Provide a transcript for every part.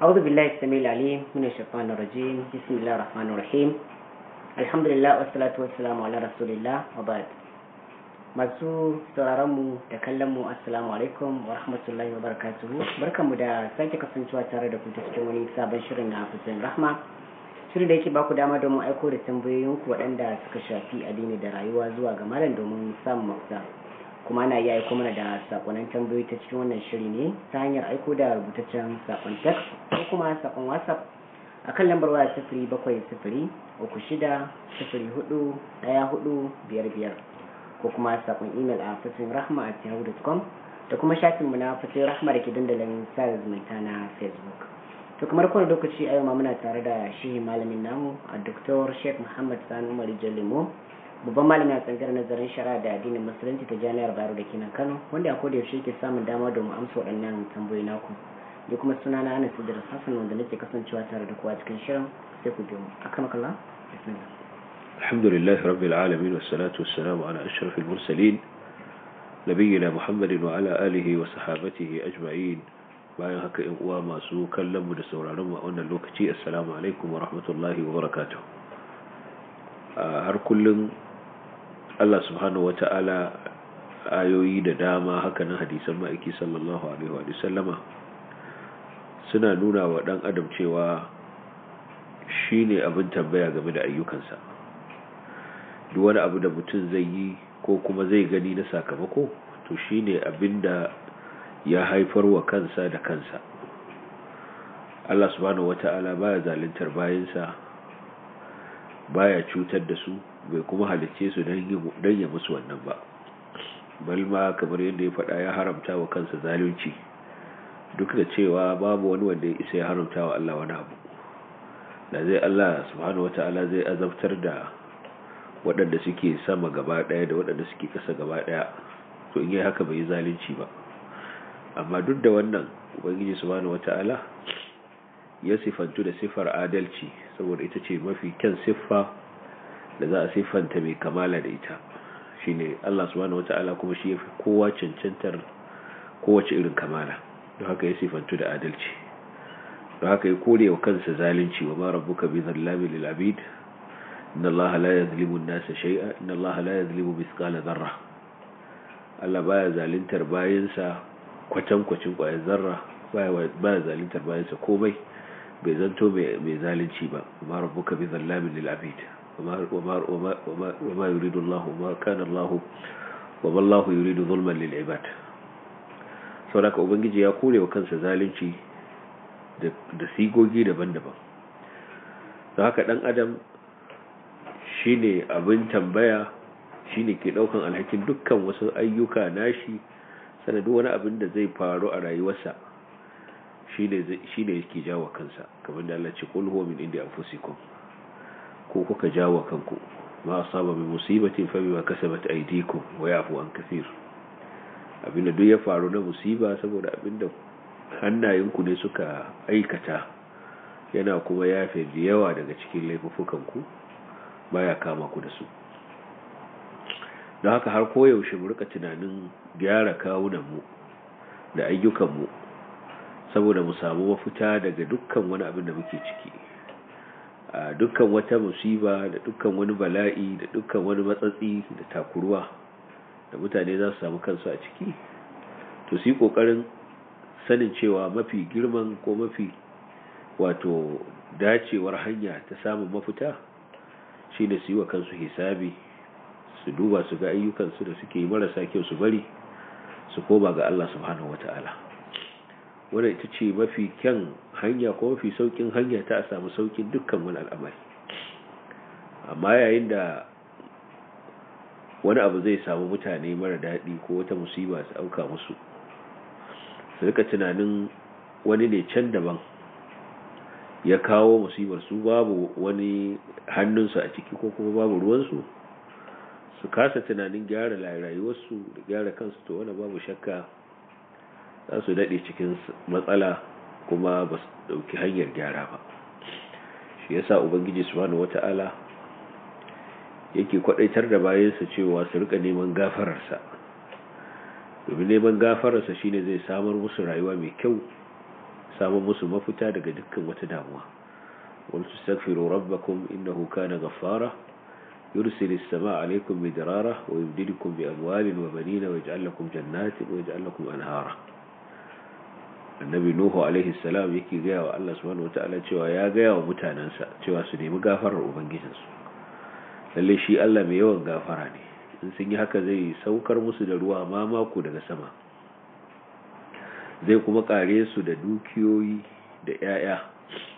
أعوذ بالله السميع العليم من الشيطان الرجيم بسم الله الرحمن الرحيم الحمد لله والصلاة والسلام على رسول الله وبعد masu sauraronmu da kallonmu assalamu alaikum wa rahmatullahi wa barakatuhu barkanmu da sake kasancewa tare da ku ta cikin wani sabon shirin na hussein rahma shirin da yake baku dama domin aiko da tambayoyinku waɗanda suka shafi addini da rayuwa zuwa ga malam domin samun mafita kuma ana iya aiko mana da sakonnin tambayoyi ta cikin wannan shiri ne ta hanyar aiko da rubutaccen sakon text ko kuma sakon whatsapp a kan lambar waya sifiri bakwai sifiri uku shida sifiri hudu daya hudu biyar biyar ko kuma sakon email a fitin rahma a yahoo.com da kuma shafin na fitin rahma da ke dandalin sada zumunta na facebook to kamar kowane lokaci a yau ma muna tare da shi malamin namu a dr sheikh muhammad sani umar jalimo babban malami a tsangar nazarin shari'a da addinin musulunci ta jami'ar bayero da kenan kano wanda a yaushe ke samun dama domin amsa waɗannan tambayoyi naku ni kuma suna na anas idris hassan wanda nake kasancewa tare da kowa cikin shirin sai ku biyo mu akan kallon bismillah الحمد لله رب العالمين والصلاة والسلام على أشرف المرسلين نبينا محمد وعلى آله وصحابته أجمعين bayan haka yan uwa masu kallon mu da sauraron mu a wannan lokaci assalamu alaikum wa rahmatullahi wa barakatuh har kullum Allah subhanahu ta'ala ayoyi da dama hakanan hadisan ma'aiki sallallahu alaihi wa sallama suna nuna wa ɗan adam cewa shine abin tambaya game da ayyukansa duk wani abu da mutum zai yi ko kuma zai gani na sakamako to shine abin da ya haifar wa kansa da kansa Allah subhanahu wata'ala baya zaluntar bayansa baya cutar da su bai kuma halicce su don ya musu wannan ba balma kamar yadda ya faɗa ya haramta wa kansa zalunci duk da cewa babu wani wanda ya isa ya haramta wa Allah wani abu da zai Allah subhanahu wata'ala zai azabtar da waɗanda suke sama gaba ɗaya da waɗanda suke ƙasa gaba ɗaya to in yi haka bai yi zalunci ba amma duk da wannan ubangiji subhanahu wata'ala ya sifantu da siffar adalci saboda ita ce mafi kyan siffa da za a siffanta mai kamala da ita shine Allah subhanahu wata'ala kuma shi yafi kowa cancantar kowace irin kamala don haka ya siffantu da adalci don haka ya kore wa kansa zalunci wa ma rabbuka bi zallami lil abid inna Allah la yazlimu an-nasa shay'a inna Allah la yazlimu mithqala dharra Allah baya zaluntar bayinsa kwatankwacin kwayar zarra baya zaluntar bayansa komai bai zanto mai zalunci ba ma rabbuka bi zallamin lil abid وما يريد الله وما كان الله وما الله يريد ظلما للعباد saboda ubangiji ya kore wa kansa zalunci da sigogi daban-daban don haka dan adam shine abin tambaya shine ke daukan alhakin dukkan wasu ayyuka nashi sanadu wani abin da zai faru a rayuwarsa shine shine yake jawo kansa kamar da Allah ce kul huwa min indi anfusikum ko kuka jawo kanku ma asaba bi musibatin fa bima kasabat aydikum wa yafu an kathir abinda duk ya faru na musiba saboda abinda hannayenku ne suka aikata yana kuma yafe da yawa daga cikin laifukanku baya kama ku da su don haka har koyaushe mu rika tunanin gyara kawunanmu da ayyukanmu saboda mu samu mafita daga dukkan wani abin da muke ciki dukkan wata musiba da dukkan wani bala'i da dukkan wani matsatsi da takurwa, da mutane za su samu kansu a ciki to su yi ƙoƙarin sanin cewa mafi girman ko mafi wato dacewar hanya ta samun mafita shi ne su yi wa kansu hisabi su duba su ga ayyukansu da suke yi marasa kyau su bari su koma ga Allah subhanahu wata'ala wadda ita ce mafi kyan hanya ko mafi saukin hanya ta a samu saukin dukkan wani al'amari amma yayin da wani abu zai samu mutane mara daɗi ko wata musiba su auka musu su rika tunanin wani ne can daban ya kawo musibar su babu wani hannunsu a ciki ko kuma babu ruwansu su kasa tunanin gyara rayuwarsu da gyara kansu to wani babu shakka za su daɗe cikin matsala kuma ba su dauki hanyar gyara ba shi yasa ubangiji subhanahu wata'ala yake kwadaitar da bayansa cewa su rika neman gafararsa domin neman gafararsa shine zai samar musu rayuwa mai kyau samar musu mafita daga dukkan wata damuwa wal tastaghfiru rabbakum innahu kana ghaffara يرسل السماء عليكم wa ويمددكم wa وبنين ويجعل لكم جنات ويجعل لكم anhara annabi nuhu alaihi salam yake gaya wa Allah subhanahu wataala cewa ya gaya wa mutanansa cewa su nemi gafarar ubangijinsu lalle shi Allah mai yawan gafara ne in sun yi haka zai saukar musu da ruwa ma mako daga sama zai kuma kare su da dukiyoyi da yaya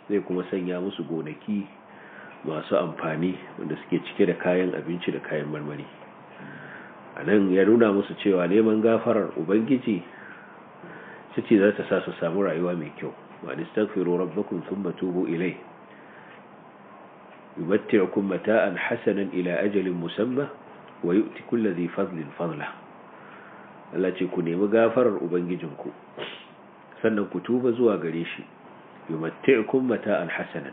zai kuma sanya musu gonaki masu amfani wanda suke cike da kayan abinci da kayan marmari a nan ya nuna musu cewa neman gafarar ubangiji ita ce za ta sa su samu rayuwa mai kyau wa nistaghfiru rabbakum thumma tubu ilayhi mata'an hasanan ila ajalin musamma wa yu'ti kulli dhi fadlin fadla Allah ce ku nemi gafarar Ubangijinku sannan ku tuba zuwa gare shi yumatti'ukum mata'an hasanan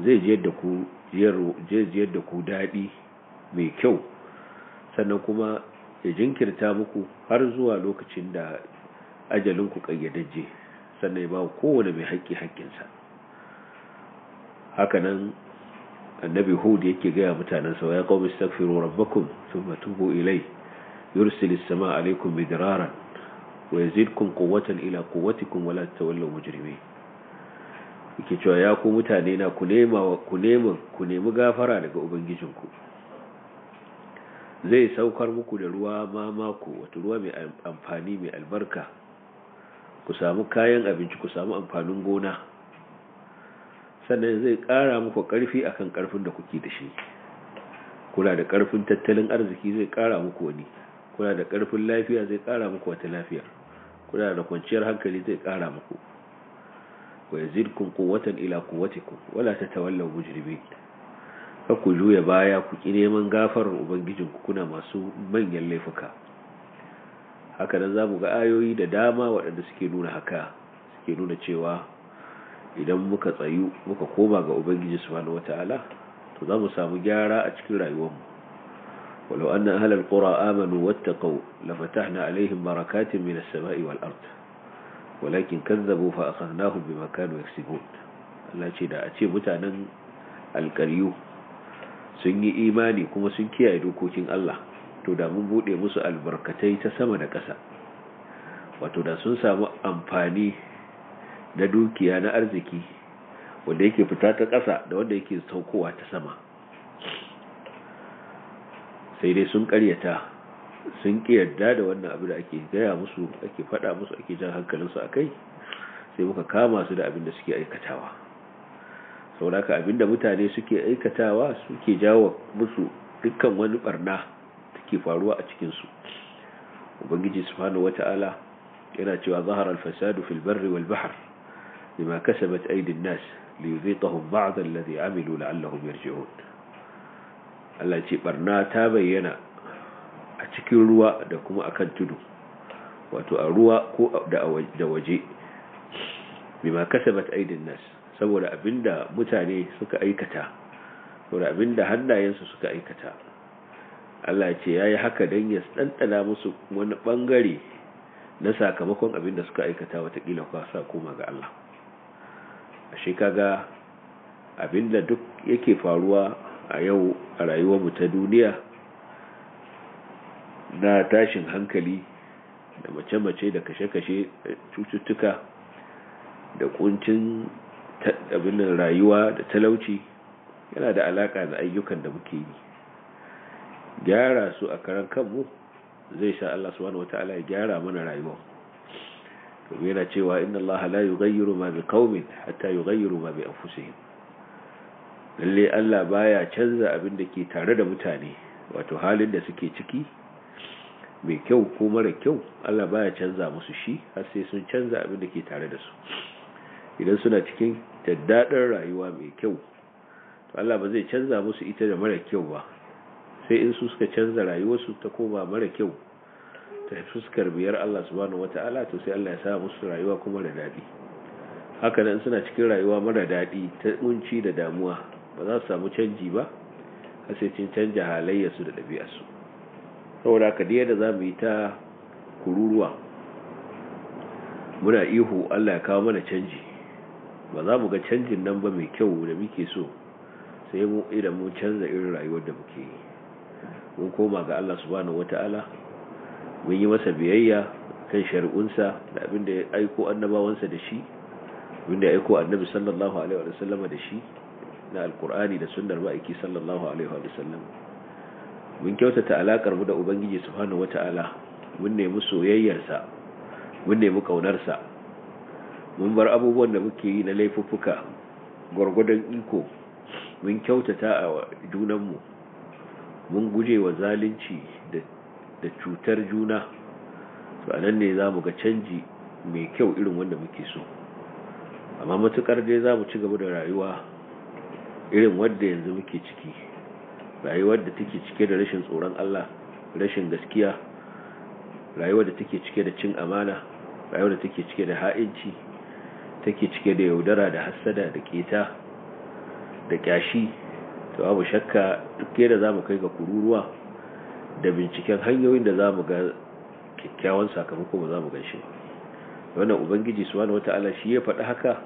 zai jiyar da ku jiyar da ku dadi mai kyau sannan kuma ya jinkirta muku har zuwa lokacin da ajalin ku kayyadajje sannan ya ba kowane mai haƙƙi haƙƙinsa Haka nan, annabi hud yake gaya mutanensa ya qaumi astaghfiru rabbakum thumma tubu ilayhi yursilis samaa alaykum midraran wa yazidkum quwwatan ila quwwatikum wa la tawallu yake cewa ya ku mutane na ku nema ku nemi gafara daga ubangijinku zai saukar muku da ruwa mamako wato ruwa mai amfani mai albarka ku samu kayan abinci ku samu amfanin gona sannan zai ƙara muku ƙarfi akan ƙarfin da kuke da shi kuna da ƙarfin tattalin arziki zai ƙara muku wani kuna da ƙarfin lafiya zai ƙara muku wata lafiya kuna da kwanciyar hankali zai ƙara muku wa yazidkum quwwatan ila quwwatikum wala tatawallaw mujrimin ku juya baya ku ki neman gafarar ubangijinku kuna masu manyan laifuka haka nan zamu ga ayoyi da dama waɗanda suke nuna haka suke nuna cewa idan muka tsayu muka koma ga ubangiji subhanahu wataala to zamu samu gyara a cikin rayuwarmu ولو أن أهل القرى آمنوا واتقوا لفتحنا عليهم بركات من السماء والأرض ولكن كذبوا فأخذناهم بما Allah ce da a ce mutanen الكريو sun yi imani kuma sun kiyaye dokokin Allah to da mun buɗe musu albarkatai ta sama da ƙasa wato da sun samu amfani na dukiya na arziki wanda yake fita ta ƙasa da wanda yake saukowa ta sama sai dai sun ƙaryata sun yarda da wannan abu da ake gaya musu ake faɗa musu ake jan hankalinsu a kai sai muka kama su da abin da suke aikatawa ka abin da mutane suke aikatawa suke jawo musu dukkan wani barna ke faruwa a cikinsu ubangiji subhanahu ta'ala yana cewa zahara al-fasadu fil barri wal bahr bima kasabat aydin nas liyudhiqahum ba'd alladhi 'amilu la'allahum yarji'un Allah ce barna ta bayyana a cikin ruwa da kuma akan tudu wato a ruwa ko da waje bima kasabat aidin nas saboda abinda mutane suka aikata saboda abinda hannayensu suka aikata Allah ce ya yi haka don ya ɗanɗana musu wani ɓangare na sakamakon abin da suka aikata watakila kwa sa koma ga Allah a shi kaga abin da duk yake faruwa a yau a rayuwarmu ta duniya na tashin hankali da mace-mace da kashe-kashe cututtuka da kuncin abin rayuwa da talauci yana da alaƙa da ayyukan da muke yi gyara su a karan kanmu zai sha Allah subhanahu wata'ala ya gyara mana rayuwa to yana cewa inna Allah la yughayyiru ma biqaumin hatta yughayyiru ma bi anfusihim lalle Allah baya canza abin da ke tare da mutane wato halin da suke ciki mai kyau ko mara kyau Allah baya canza musu shi har sai sun canza abin da ke tare da su idan suna cikin daddadar rayuwa mai kyau to Allah ba zai canza musu ita da mara kyau ba sai in su suka canza rayuwarsu ta koma mara kyau ta fuskar biyar Allah subhanahu wata'ala to sai Allah ya sa musu rayuwa kuma da daɗi haka nan suna cikin rayuwa mara daɗi ta kunci da damuwa ba za su samu canji ba sai cin canja halayyarsu da ɗabi'arsu saboda haka da za mu yi ta kururuwa muna ihu Allah ya kawo mana canji ba za mu ga canjin nan ba mai kyau da muke so sai mu idan mun canza irin rayuwar da muke yi mun koma ga Allah subhanahu wata'ala mun yi masa biyayya kan shari'unsa da abin da ya aiko annabawansa da shi abin da ya aiko annabi sallallahu alaihi wa sallam da shi na alqur'ani da sunnar ba'iki sallallahu alaihi wa sallam mun kyautata alakar mu da ubangiji subhanahu wata'ala mun nemi soyayyarsa mun nemi kaunarsa mun bar abubuwan da muke yi na laifuffuka gwargwadon iko mun kyautata a junanmu mun guje wa zalunci da cutar juna to a ne za mu ga canji mai kyau irin wanda muke so amma matukar dai za mu ci gaba da rayuwa irin wadda yanzu muke ciki rayuwar da take cike da rashin tsoron Allah rashin gaskiya rayuwar da take cike da cin amana rayuwar da take cike da ha'inci take cike da yaudara da hassada da keta da kyashi to abu shakka duk yadda za mu kai ga kururuwa da binciken hanyoyin da za mu ga kyakkyawan sakamako ba za mu ganshi ba wannan ubangiji su wata wataala shi ya faɗi haka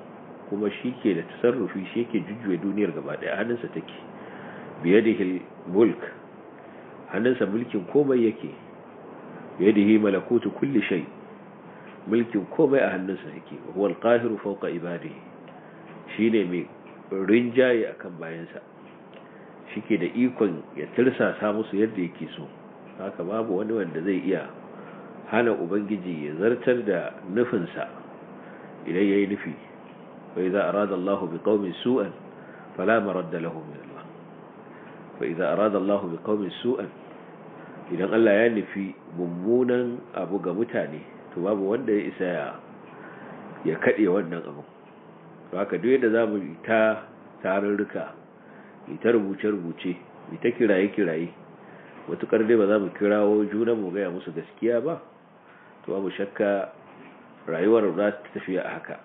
kuma shi ke da tasarrufi shi ke jujjuwa duniyar gaba ɗaya hannunsa take hil mulk hannunsa mulkin komai yake biyadihi malakutu kulli shai mulkin komai a hannunsa yake huwa alqahiru fawqa ibadihi shine mai rinjaye a kan bayansa shi ke da ikon ya tirsasa musu yadda yake so haka babu wani wanda zai iya hana ubangiji ya zartar da nufinsa idan ya yi nufi wai za a Allahu bi qaumin su'an fala maradda lahu min Allah fa idza arada Allahu bi qaumin su'an idan Allah ya nufi mummunan abu ga mutane to babu wanda ya isa ya ya kade wannan abu haka duk yadda zamu ta tarurruka ita ta rubuce-rubuce ita kiraye-kiraye matuƙar dai ba za mu kirawo juna mu gaya musu gaskiya ba to mu shakka rayuwar za ta tafiya a haka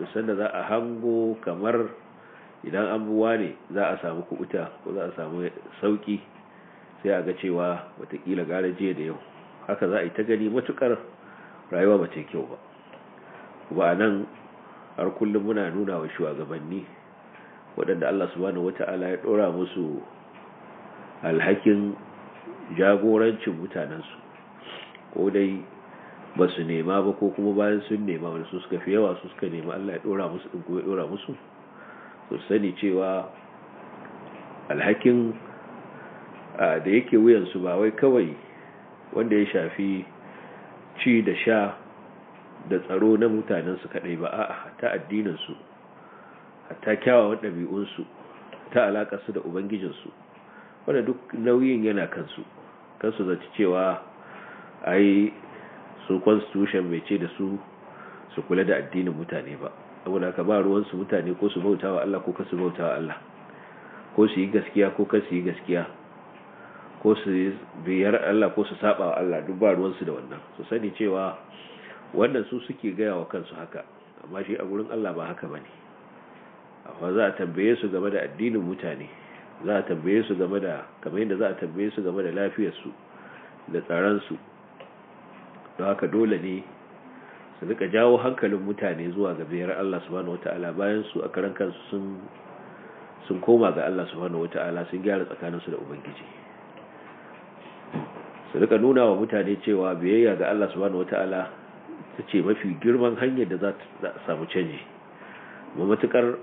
duk sanda za a hango kamar idan an buwa ne za a samu kubuta ko za a samu sauƙi sai a ga cewa watakila gane jiya da yau haka za a yi ta gani matukar rayuwa ba ce kyau ba ba a nan har kullum muna nuna wa shugabanni waɗanda Allah subhanahu ala ya ɗora musu alhakin jagorancin mutanensu ko dai ba su nema ba ko kuma bayan sun nema wani su suka fi yawa su suka nema Allah ya ɗora musu ɗin kuma ya ɗora musu su sani cewa alhakin da yake wuyansu ba wai kawai wanda ya shafi ci da sha da tsaro na mutanensu kaɗai ba a ta addinansu. ta kyawawan ɗabi'unsu ta su da ubangijinsu wanda duk nauyin yana kansu kansu zaci cewa ai su constitution bai ce da su su kula da addinin mutane ba da ka ba ruwansu mutane ko su bauta wa Allah ko ka su bauta wa Allah ko su yi gaskiya ko ka su yi gaskiya ko su biyar Allah ko su saba wa Allah duk ba ruwansu da wannan su sani cewa wannan su suke gaya wa kansu haka amma shi a gurin Allah ba haka bane Akwai za a tambaye su game da addinin mutane za a tambaye su game da kamar yadda za a tambaye su game da lafiyarsu da tsaransu da haka dole ne su rika jawo hankalin mutane zuwa ga biyar Allah subhanahu wata'ala bayan su a karan kansu sun sun koma ga Allah subhanahu wata'ala sun gyara tsakaninsu da ubangiji su rika nuna wa mutane cewa biyayya ga Allah subhanahu wata'ala ta ce mafi girman hanyar da za ta samu canji matukar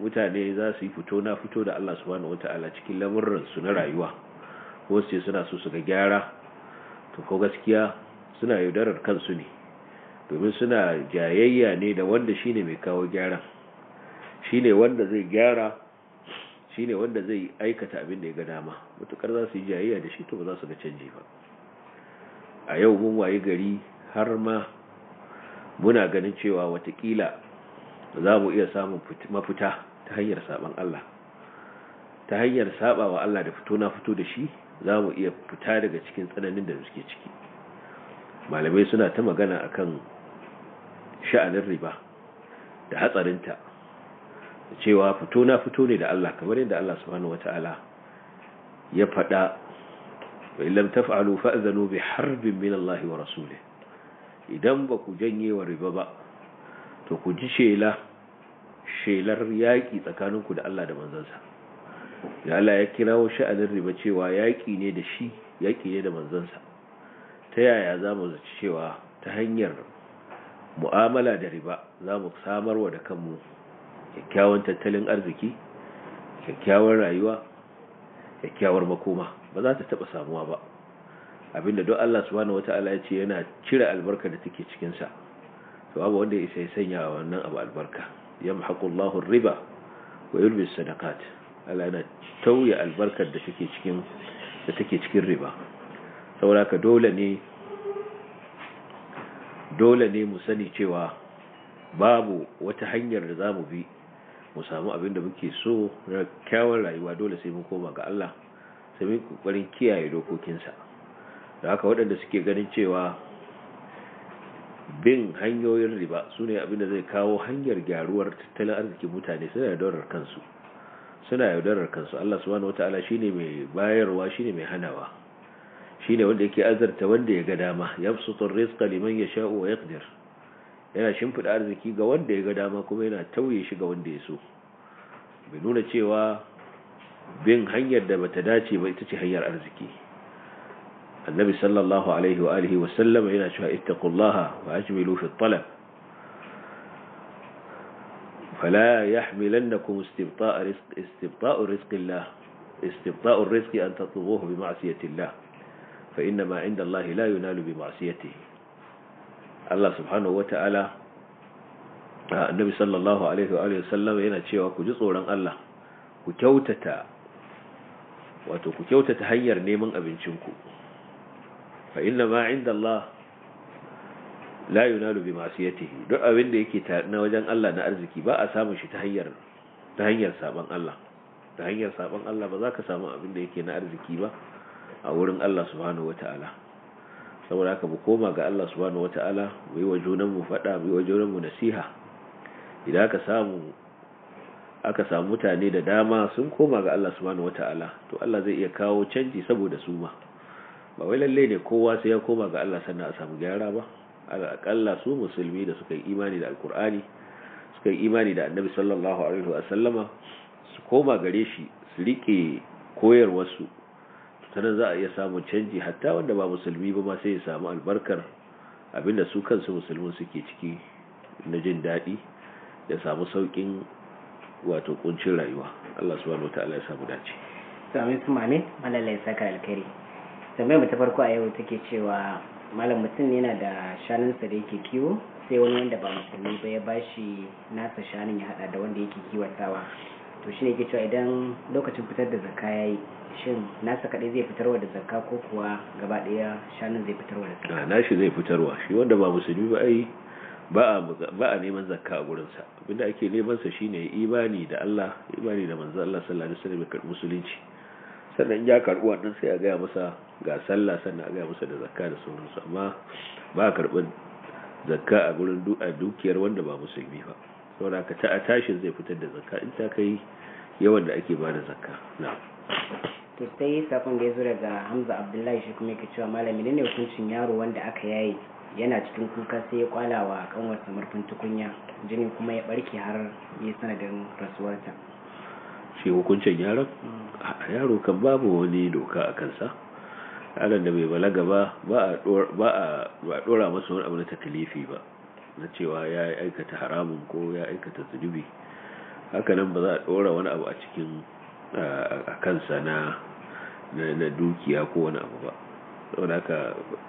mutane za su yi fito na fito da Allah subhanahu Ta'ala cikin lamurran su na rayuwa ko su suna so su ga gyara to ko gaskiya suna yaudarar kansu ne domin suna jayayya ne da wanda shine mai kawo gyara shine wanda zai gyara shine wanda zai aikata abin da ya ga dama mutukar za su yi jayayya da shi to ba za su ga canji ba a yau mun waye gari har ma muna ganin cewa watakila za mu iya samun mafita ta hanyar saban Allah ta hanyar saba wa Allah da fito na fito da shi za mu iya fita daga cikin tsananin da suke ciki malamai suna ta magana akan sha'anin riba da hatsarinta da cewa fito na fito ne da Allah kamar yadda Allah subhanahu wata'ala ya faɗa wa illam taf'alu fa'zanu bi harbin min Allah wa rasulih idan ba ku janye wa riba ba to ku ji shela shelar yaƙi tsakaninku da Allah da manzansa Yala Allah ya wa sha'anin riba cewa yaƙi ne da shi yaƙi ne da manzansa ta yaya za mu zaci cewa ta hanyar mu'amala da riba za mu samar wa da kanmu kyakkyawan tattalin arziki kyakkyawar rayuwa kyakkyawar makoma ba za ta taɓa samuwa ba abinda don Allah subhanahu ta'ala ya ce yana cire albarka da take cikinsa to abu wanda isa ya sanya a wannan abu albarka ya Allahun riba wa yulbi sadakat Allah yana tauye albarkar da take cikin riba saboda ka dole ne mu sani cewa babu wata hanyar da za mu bi mu samu abin da muke so na kyawun rayuwa dole sai mun koma ga Allah sai mun kokarin kiyaye dokokinsa da haka waɗanda suke ganin cewa bin hanyoyin riba su ne abinda zai kawo hanyar gyaruwar tattalin arzikin mutane suna yaudarar kansu suna yaudarar kansu Allah subhanahu wataala ne mai bayarwa shi ne mai hanawa Shi ne wanda yake azarta wanda ya ga dama sutun rizqa liman ya sha'u wa yaqdir yana shimfida arziki ga wanda ya ga dama kuma yana tauye shi ga wanda ya so bai nuna cewa bin hanyar da bata dace ba ita ce hanyar arziki annabi sallallahu alaihi wa alihi wa sallam yana cewa ittaqullaha wa ajmilu fi talab fala yahmilannakum istibta'a rizq istibta'u rizqillah istibta'u rizqi an tatlubuhu bi ma'siyatillah fa inna ma 'inda Allah la yunalu bi ma'siyatihi Allah subhanahu wa ta'ala annabi sallallahu alaihi wa sallam yana cewa ku ji tsoron Allah ku kyautata wato ku kyautata hanyar neman abincinku فإنما عند الله لا ينال بمعصيته duk abin da yake tare na wajen Allah na arziki ba a samun shi ta hanyar ta hanyar saban Allah ta hanyar saban Allah ba za ka samu abin da yake na arziki ba a wurin Allah subhanahu wataala saboda haka mu koma ga Allah subhanahu wataala mu yi wa junanmu faɗa mu yi wa junanmu nasiha idan aka samu aka samu mutane da dama sun koma ga Allah subhanahu wataala to Allah zai iya kawo canji saboda su ma ba wai lalle ne kowa sai ya koma ga Allah sannan a samu gyara ba alƙalla su musulmi da suka yi imani da alkur'ani suka yi imani da annabi sallallahu alaihi wa sallama su koma gare shi su rike koyarwarsu sannan za a iya samun canji hatta wanda ba musulmi ba ma sai ya samu albarkar abinda su kansu musulmin suke ciki na jin daɗi da samu sauƙin wato kuncin rayuwa Allah subhanahu ta'ala ya samu dace. Sami Sumane, malalai saka alkhairi. tambayar ta farko a yau take cewa malam mutum yana da shanunsa da yake kiwo sai wani wanda ba musulmi ba ya bashi nasa shanun ya hada da wanda yake kiwatawa to shine yake cewa idan lokacin fitar da zakka yayi shin nasa kadai zai fitarwa da zakka ko kuwa gaba daya shanun zai fitarwa da zakka nashi zai fitarwa shi wanda ba musulmi ba ai ba a neman zakka a gurinsa abinda ake neman sa shine imani da Allah imani da manzo Allah sallallahu alaihi wasallam musulunci sannan ya karɓi wannan sai a gaya masa ga sallah sannan a gaya masa da zakka da sauransu amma ba a karɓar zakka a gurin dukiyar wanda ba musulmi ba saboda ka ta tashin zai fitar da zakka in ta kai yawan da ake ba da zakka na to sai sakon da ya zo daga hamza abdullahi shi kuma yake cewa malami ne hukuncin yaro wanda aka yaye yana cikin kuka sai ya kwala wa kanwarsa murfin tukunya jini kuma ya barke har ya sanadin rasuwarta shi hukuncin yaron mm. a yaro kan babu wani doka a kansa yaron da bai balaga ba ba a dora masa wani abu na takalifi ba na cewa ya aikata haramun ko ya aikata zunubi hakanan ba za a dora wani abu a cikin a kansa na na dukiya ko wani abu ba da aka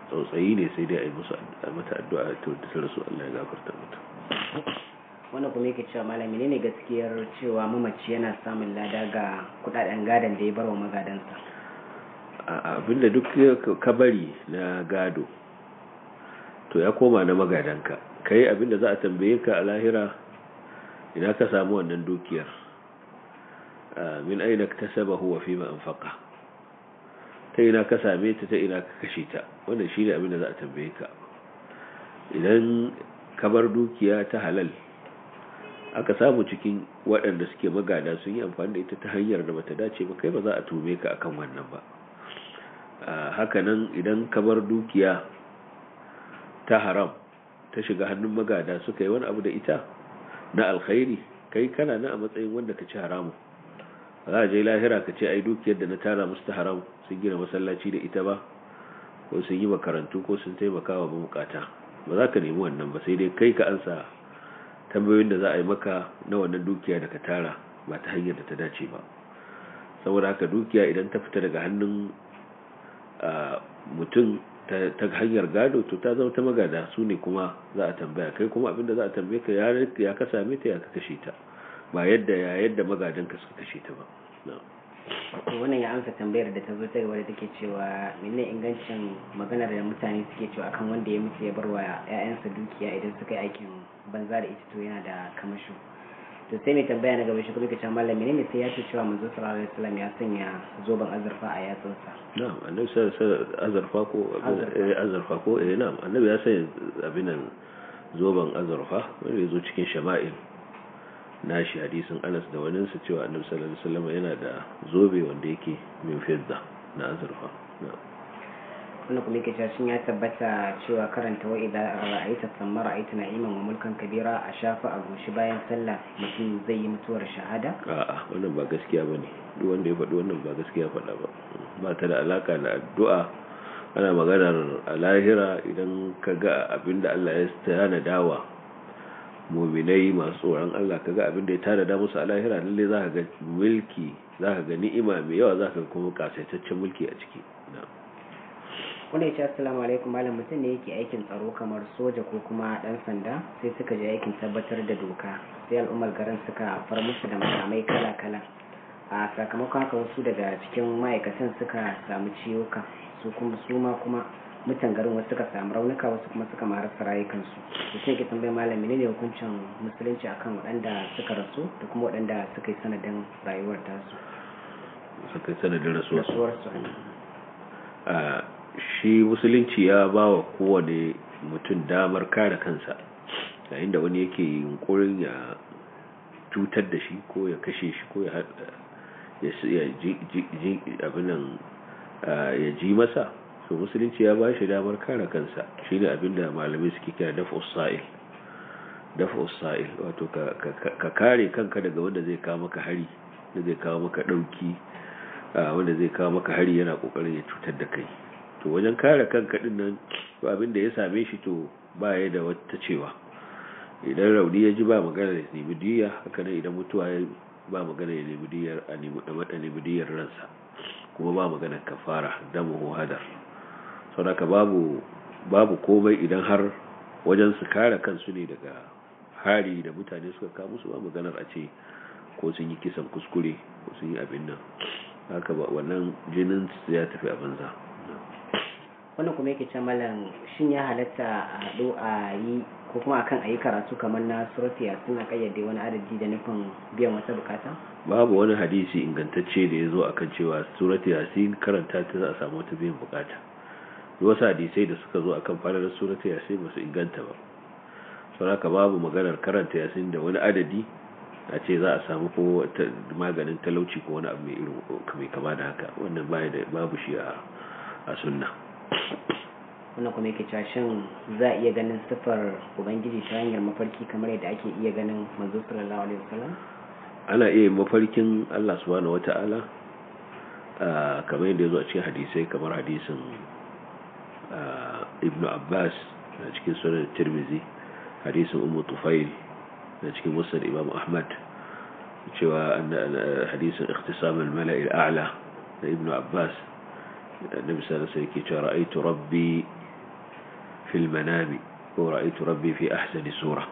tsautsayi ne sai dai a yi a mata addu'a to da rasu Allah ya gafarta mutu. wannan kuma yake cewa malami ne gaskiyar cewa mamaci yana samun lada ga kudaden gadon da ya bar wa magadansa abinda duk ka bari na gado to ya koma na magadanka kai abinda za a tambaye ka a lahira ina ka samu wannan dukiyar min aina ta saba huwa fi ma'amfaka ta ina ka same ta ta ina ka kashe ta wannan shi ne abinda za a tambaye ka idan ka bar dukiya ta halal aka samu cikin waɗanda suke magada sun yi amfani da ita ta hanyar da bata dace ba kai ba za a tume ka akan wannan ba hakanan idan ka dukiya ta haram ta shiga hannun magada suka yi wani abu da ita na alkhairi kai kana na a matsayin wanda ka ci haramu za a je lahira ka ce ai dukiyar da na tara musu ta haram sun gina masallaci da ita ba ko sun yi makarantu ko sun taimaka wa mabukata ba za ka nemi wannan ba sai dai kai ka ansa tambayoyin da za a yi maka na wannan dukiya da ka tara ba ta hanyar da ta dace ba saboda haka dukiya idan ta fita daga hannun mutum ta hanyar gado to ta zama ta magada su ne kuma za a tambaya kai kuma abinda za a tambaye ka ya ka same ta ya ka kashe ta ba yadda ya yadda magadanka suka kashe ta ba to wannan ya amsa tambayar da ta zo ta gaba da take cewa mene ingancin maganar da mutane suke cewa akan wanda ya mutu ya bar wa ƴaƴansa dukiya idan suka yi aikin banza da ita to yana da kamasho to sai mai tambaya na gaba shi kuma kace mallam menene sai ya ce cewa manzo sallallahu alaihi wasallam ya sanya zoban azurfa a yatsunsa na'am annabi sai azurfa ko eh, azurfa ko eh na'am annabi ya sanya abin nan zoban azurfa wanda ya zo cikin shama'il nashi hadisin anas da wani su cewa annabi sallallahu alaihi wasallam yana da zobe wanda yake min firda na azurfa wannan kuma yake cewa shin ya tabbata cewa karanta wa idan ra'aita samara ra'aita na'iman wa mulkan kabira a shafa a goshi bayan sallah mutum zai yi mutuwar shahada a'a wannan ba gaskiya bane duk wanda ya faɗi wannan ba gaskiya faɗa ba ba ta da alaka da addu'a ana maganar a lahira idan ka ga abinda Allah ya dawa. muminai masu tsoron Allah kaga abin da ya tara da musu a lahira lalle za ka ga mulki za ka ga ni'ima mai yawa za ka ga kuma kasaitaccen mulki a ciki wanda ya ce assalamu alaikum malam mutum ne yake aikin tsaro kamar soja ko kuma dan sanda sai suka je aikin tabbatar da doka sai al'ummar garin suka far musu da makamai kala-kala a sakamakon haka wasu daga cikin ma'aikatan suka samu ciwuka su kuma su ma kuma mutan garin wasu suka samu raunuka wasu kuma suka marasa rayukansu da shi ke tambayi malam menene hukuncin musulunci akan waɗanda suka rasu da kuma waɗanda suka yi sanadin rayuwar tasu suka yi sanadin rasuwarsu shi musulunci ya ba wa kowane mutum damar kare kansa yayin da wani yake yunkurin ya cutar da shi ko ya kashe shi ko ya abin ya ji masa so musulunci ya ba shi damar kare kansa shi ne abin da malamai suke kira dafa usa'il dafa usa'il wato ka kare kanka daga wanda zai kawo maka hari da zai kawo maka ɗauki wanda zai kawo maka hari yana kokarin ya cutar da kai to wajen kare kanka din nan da ya same shi to ba ya da wata cewa idan rauni ya ji ba magana da nemi diya haka nan idan mutuwa ya ba magana ya nemi diyar a nemi ransa kuma ba magana kafara damu hadar ka babu babu komai idan har wajen su kare kansu ne daga hari da mutane suka kamu su ba maganar a ce ko sun yi kisan kuskure ko sun yi abin nan haka ba wannan jinin ya tafi a banza wani kuma yake can malam shin ya halatta a haɗu a yi ko kuma akan a yi karatu kamar na suratiya suna kayyade wani adadi da nufin biyan wata bukata babu wani hadisi ingantacce da ya zo a kan cewa suratiya sun karanta ta za a samu wata biyan bukata da wasu hadisai da suka zo a kan falalar suratu yasin ba su inganta ba sauraka babu maganar karanta yasin da wani adadi a ce za a samu ko maganin talauci ko wani abu mai kama da haka wannan babu shi a sunna wannan kuma yake cashin za a iya ganin siffar ubangiji ta hanyar mafarki kamar yadda ake iya ganin manzo sallallahu alaihi wasallam ana iya mafarkin Allah subhanahu wataala ah, kamar yadda ya zo a cikin hadisai kamar hadisin Ibnu abbas a cikin sunan tirmizi hadisin umu tufail a cikin musar imam ahmad cewa hadisin ikhtisam al-mala'i al-a'la da ibn abbas na sallallahu alaihi wasallam cewa ra'aytu rabbi fi al-manami ko rabbi fi ahsani sura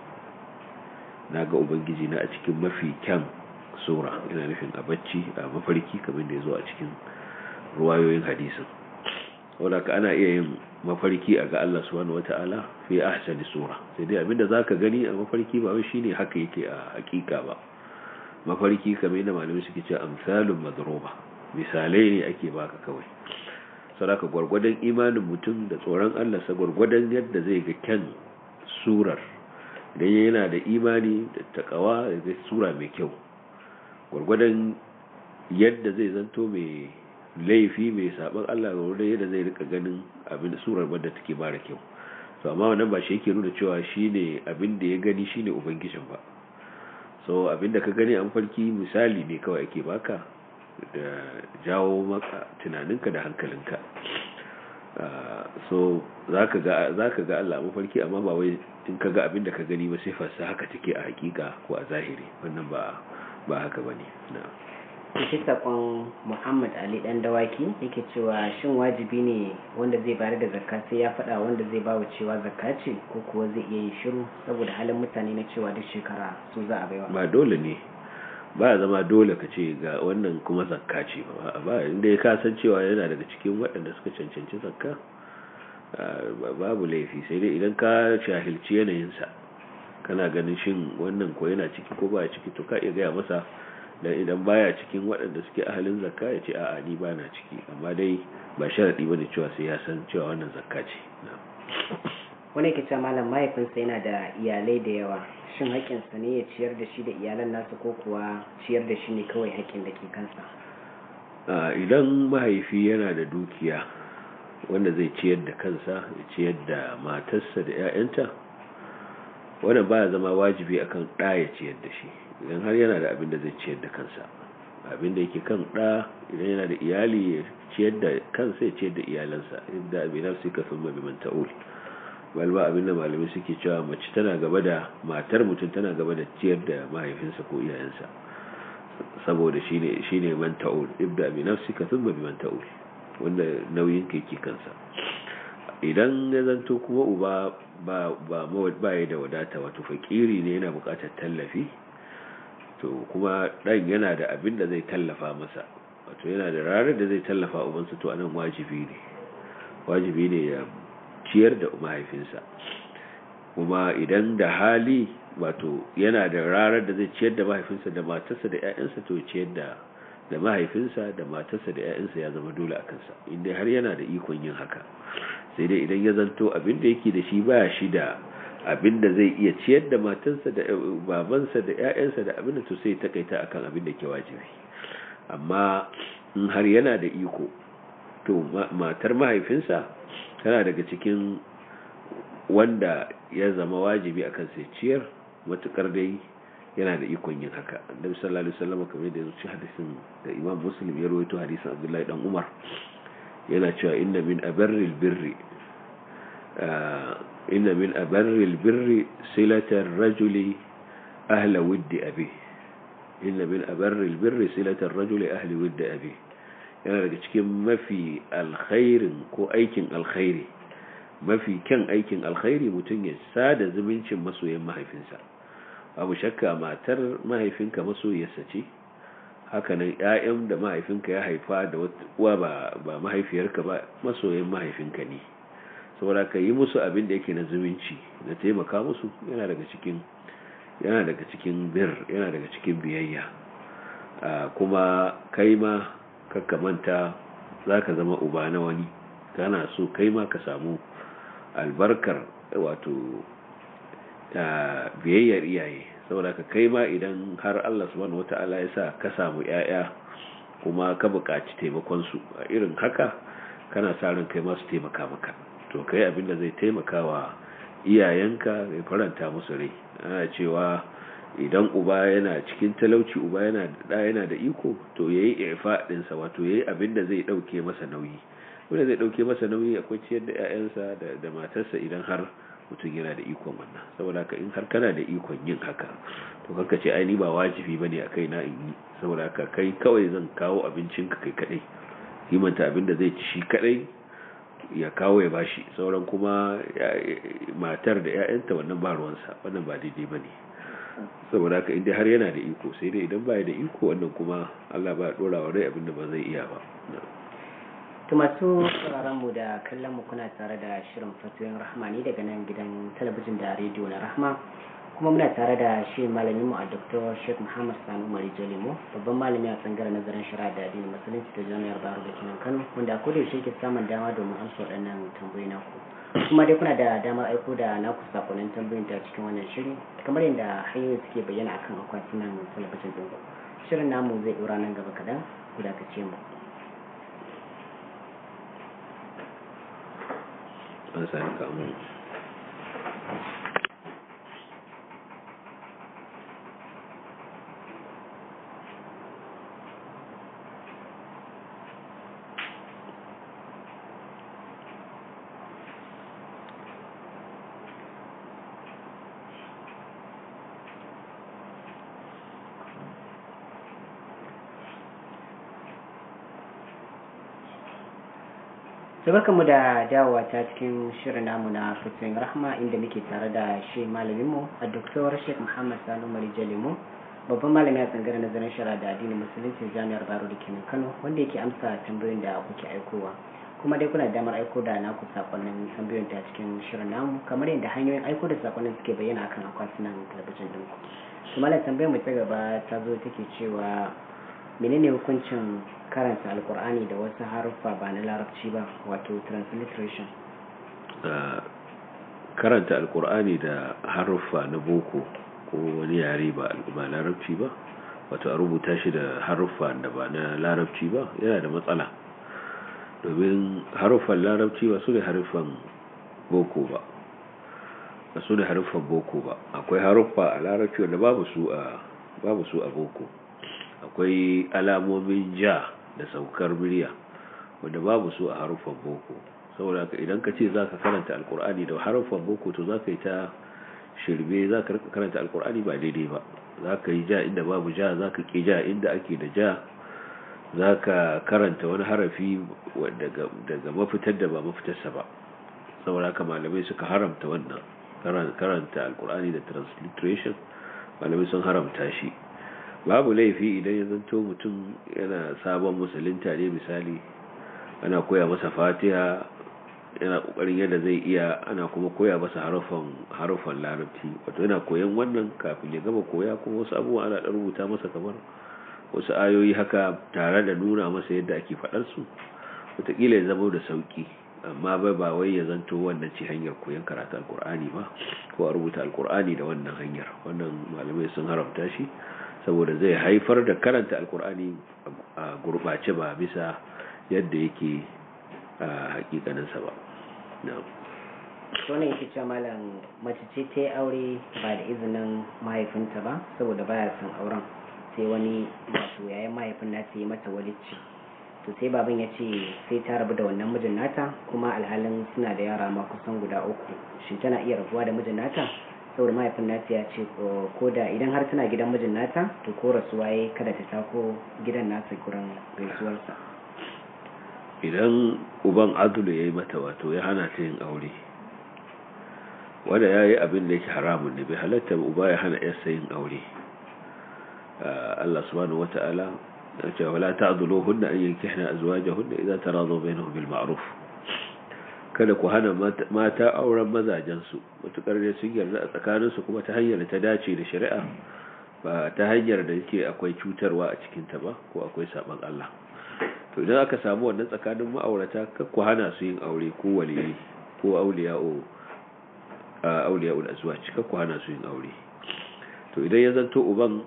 naga ubangiji na a cikin mafi kyan sura ina nufin a bacci a mafarki kamar da yazo a cikin ruwayoyin hadisin wadaka ana iya yin mafarki a ga Allah su subhanahu wata'ala fi ahsani sura sai dai abinda zaka gani a mafarki ba wai shine haka yake a hakika ba mafarki kamar yadda malamai suke cewa amsalun madruba misalai ne ake baka kawai saraka gwargwadon imanin mutum da tsoron Allah sa gwargwadon yadda zai ga kyan surar dan yana da imani da takawa da sura mai kyau gwargwadon yadda zai zanto mai laifi mai sabon Allah ga wurin yadda zai rika ganin abin surar wadda take mara kyau to amma wannan ba shi yake nuna cewa shine abin da ya gani shine ubangijin ba so abin da ka gani an farki misali ne kawai ake baka da jawo maka tunaninka da hankalinka ah, so za ka ga Allah mafarki amma ba wai in ka ga abin da ka gani ba sai fasa haka take a hakika ko a zahiri wannan ba haka ba ne shi sakon muhammad ali dan dawaki yake cewa shin wajibi ne wanda zai bayar da zakka sai ya faɗa wanda zai bawa cewa zakka ce ko kuwa zai iya yin shiru saboda halin mutane na cewa duk shekara su za a baiwa ba dole ne ba zama dole ka ce ga wannan kuma zakka ce ba ba inda ya kasan cewa yana daga cikin waɗanda suka cancanci zakka babu laifi sai dai idan ka shahilci yanayinsa kana ganin shin wannan ko yana ciki ko ba ciki to ka iya gaya masa dan idan baya cikin waɗanda suke halin zakka ya ce a'a ni ba na ciki amma dai ba sharadi bane cewa sai ya san cewa wannan zakka ce wani ke cewa malam mahaifinsa yana da iyalai da yawa shin haƙƙinsa ne ya ciyar da shi da iyalan nasa ko kuwa ciyar da shi ne kawai haƙƙin da ke kansa idan mahaifi yana da dukiya wanda zai ciyar da kansa ya ciyar da matarsa da 'ya'yanta wanda baya zama wajibi akan ɗa ya ciyar da shi idan har yana da abin da zai ciyar da kansa abin da yake kan da idan yana da iyali ya ciyar da kansa ya ciyar da iyalansa inda abin da suka sun mabi man ta'ul abin da malamai suke cewa mace tana gaba da matar mutum tana gaba da ciyar da mahaifinsa ko iyayensa saboda shine shine man ta'ul ibda bi nafsika thumma bi man ta'ul wanda nauyin ka yake kansa idan ya zanto kuma uba ba ba ba da wadata wato fakiri ne yana bukatar tallafi to kuma ɗan yana da abin da zai tallafa masa wato yana da ranar da zai tallafa ubansa to anan wajibi ne wajibi ne ya ciyar da mahaifinsa kuma idan da hali wato yana da ranar da zai ciyar da mahaifinsa da matarsa da 'ya'yansa to ciyar da da mahaifinsa da matarsa da 'ya'yansa ya zama dole a kansa inda har yana da ikon yin haka sai dai idan ya zanto abin da yake da shi baya shi da abinda zai iya ciyar da matansa da eh, babansa da ƴaƴansa da abinda to sai kaita akan da ke wajibi amma in har yana da iko to matar mahaifinsa tana daga cikin wanda ya zama wajibi akan sai ciyar matukar dai yana da ikon yin haka annabi sallallahu alaihi wasallam kamar da yace hadisin da Imam Muslim ya rawaito hadisin Abdullahi dan Umar yana cewa inna min abarril birri ah, inna min abarril birri silatar rajuli ahla waddi abi inna yana daga cikin mafi alkhairin ko aikin alkhairi mafi kyan aikin alkhairi mutum ya sada zumuncin masoyan mahaifinsa abu shakka matar mahaifinka masoyarsa ce hakanan ƴaƴan da mahaifinka ya haifa da uwa ba mahaifiyarka ba masoyan mahaifinka ne saboda ka yi musu abin da yake na zumunci da taimaka musu yana daga cikin yana daga cikin bir yana daga cikin biyayya kuma kai ma ka manta za ka zama uba na wani kana so kai ma ka samu albarkar wato biyayyar iyaye saboda ka kai ma idan har Allah subhanahu ta'ala ya sa ka samu yaya kuma ka buƙaci taimakonsu a irin haka kana sa ran kai ma su taimaka maka to kai abin da zai taimaka wa iyayenka ya faranta musu rai ana cewa idan uba yana cikin talauci uba yana da yana da iko to yayi ifa dinsa wato yayi abin da zai dauke masa nauyi wanda zai dauke masa nauyi akwai ciyar da ƴaƴansa da da matarsa idan har mutum yana da ikon wannan saboda haka in har kana da ikon yin haka to kanka ce ai ni ba wajibi bane a kaina in yi saboda haka kai kawai zan kawo abincin ka kai kadai kimanta abin da zai ci shi kadai ya kawo ya bashi sauran kuma matar da 'ya'yanta wannan ba ruwansa wannan ba daidai ba ne saboda haka inda har yana da iko sai dai idan ba da iko wannan kuma allah ba dora wa rai abinda ba zai iya ba tumatu mu da kallon mu kuna tare da shirin fatoyin rahama ne daga nan gidan talabijin da rediyo na rahama kuma muna tare da shi malamin mu a doktor Sheikh Muhammad Sani Umar Jalimo babban malami a tsangar nazarin shari'a da addini musulunci ta Jami'ar Bayero da Kinan Kano wanda a kodayi shi ke samun dama domin amsa waɗannan tambayi na ku kuma dai kuna da damar aiko da naku sakonnin tambayinta ta cikin wannan shiri kamar yadda hanyoyi suke bayyana akan akwatinan talabijin ɗin shirin namu zai ɗora nan gaba kaɗan ku dakace mu an sami kamun mu da dawowa ta cikin shirin namu na fitin rahma inda muke tare da shi malaminmu a doktor sheikh muhammad sanu marija lemo babban malami a tsangar nazarin shara da addinin musulunci jami'ar baro da kenan kano wanda yake amsa tambayoyin da kuke aikowa kuma dai kuna damar aiko da na ku sakonnin tambayoyin ta cikin shirin namu kamar yadda hanyoyin aiko da sakonnin suke bayyana akan akwatunan talabijin ɗinku. su malam tambayar mu ta gaba ta zo take cewa menene hukuncin karanta alkur'ani da wasu haruffa ba na larabci ba wato transliteration karanta alkur'ani da haruffa na boko ko wani yare ba larabci ba wato a rubuta shi da haruffa da ba na larabci ba yana da matsala domin haruffan larabci ba su ne haruffan boko ba ba su ne haruffan boko ba akwai haruffa a larabci wanda babu su a boko akwai alamomin ja da saukar murya wanda babu su a haruffan boko saboda ka idan ka ce za ka karanta alkur'ani da haruffan boko to za ka yi ta shirme za ka karanta alkur'ani ba daidai ba za ka yi ja inda babu ja za ka ke ja inda ake da ja za ka karanta wani harafi daga mafitar da ba mafitarsa ba saboda haka malamai suka haramta wannan karanta alkur'ani da transliteration malamai sun haramta shi babu laifi idan ya zanto mutum yana sabon musulunta ne misali ana koya masa fatiha yana kokarin yadda zai iya ana kuma koya masa harufan harufan larabci wato yana koyan wannan kafin ya gama koya kuma wasu abubuwa ana dan rubuta masa kamar wasu ayoyi haka tare da nuna masa yadda ake faɗar su wataƙila ya zama da sauki amma bai ba wai ya zanto wannan ci hanyar koyon karatu alkur'ani ba ko a rubuta alkur'ani da wannan hanyar wannan malamai sun haramta shi saboda zai haifar da karanta alkur'ani a gurbace ba bisa yadda yake a hakikaninsa ba wani shi cewa malam mace ta yi aure ba da izinin mahaifinta ba saboda baya son auren sai wani masu yayin mahaifin na ta yi mata walicci to sai baban ya ce sai ta rabu da wannan mijin nata kuma alhalin suna da yara ma kusan guda uku shi tana iya rabuwa da mijin nata saboda mahaifin nata ya ce ko da idan har tana gidan mijin nata to ko rasuwa ya kada ta tako gidan nata kuran gaisuwarsa idan uban adulu ya yi mata wato ya hana ta yin aure wanda ya yi abin da yake haramun da bai halatta uba ya hana yarsa yin aure ah, Allah subhanahu wata'ala ya ce wala ta'dhuluhunna an yankihna azwajahunna idza bai bainahum bil ma'aruf. kada ku hana mata auren mazajensu matukar ne sun yarda a tsakaninsu kuma ta hanyar da ta dace da shari'a ba ta hanyar da yake akwai cutarwa a cikinta ba ko akwai saban Allah to idan aka samu wannan tsakanin ma'aurata kar ku hana su yin aure ko waliyi ko auliya'u auliya'ul azwaj kar ku hana su yin aure to idan ya zanto uban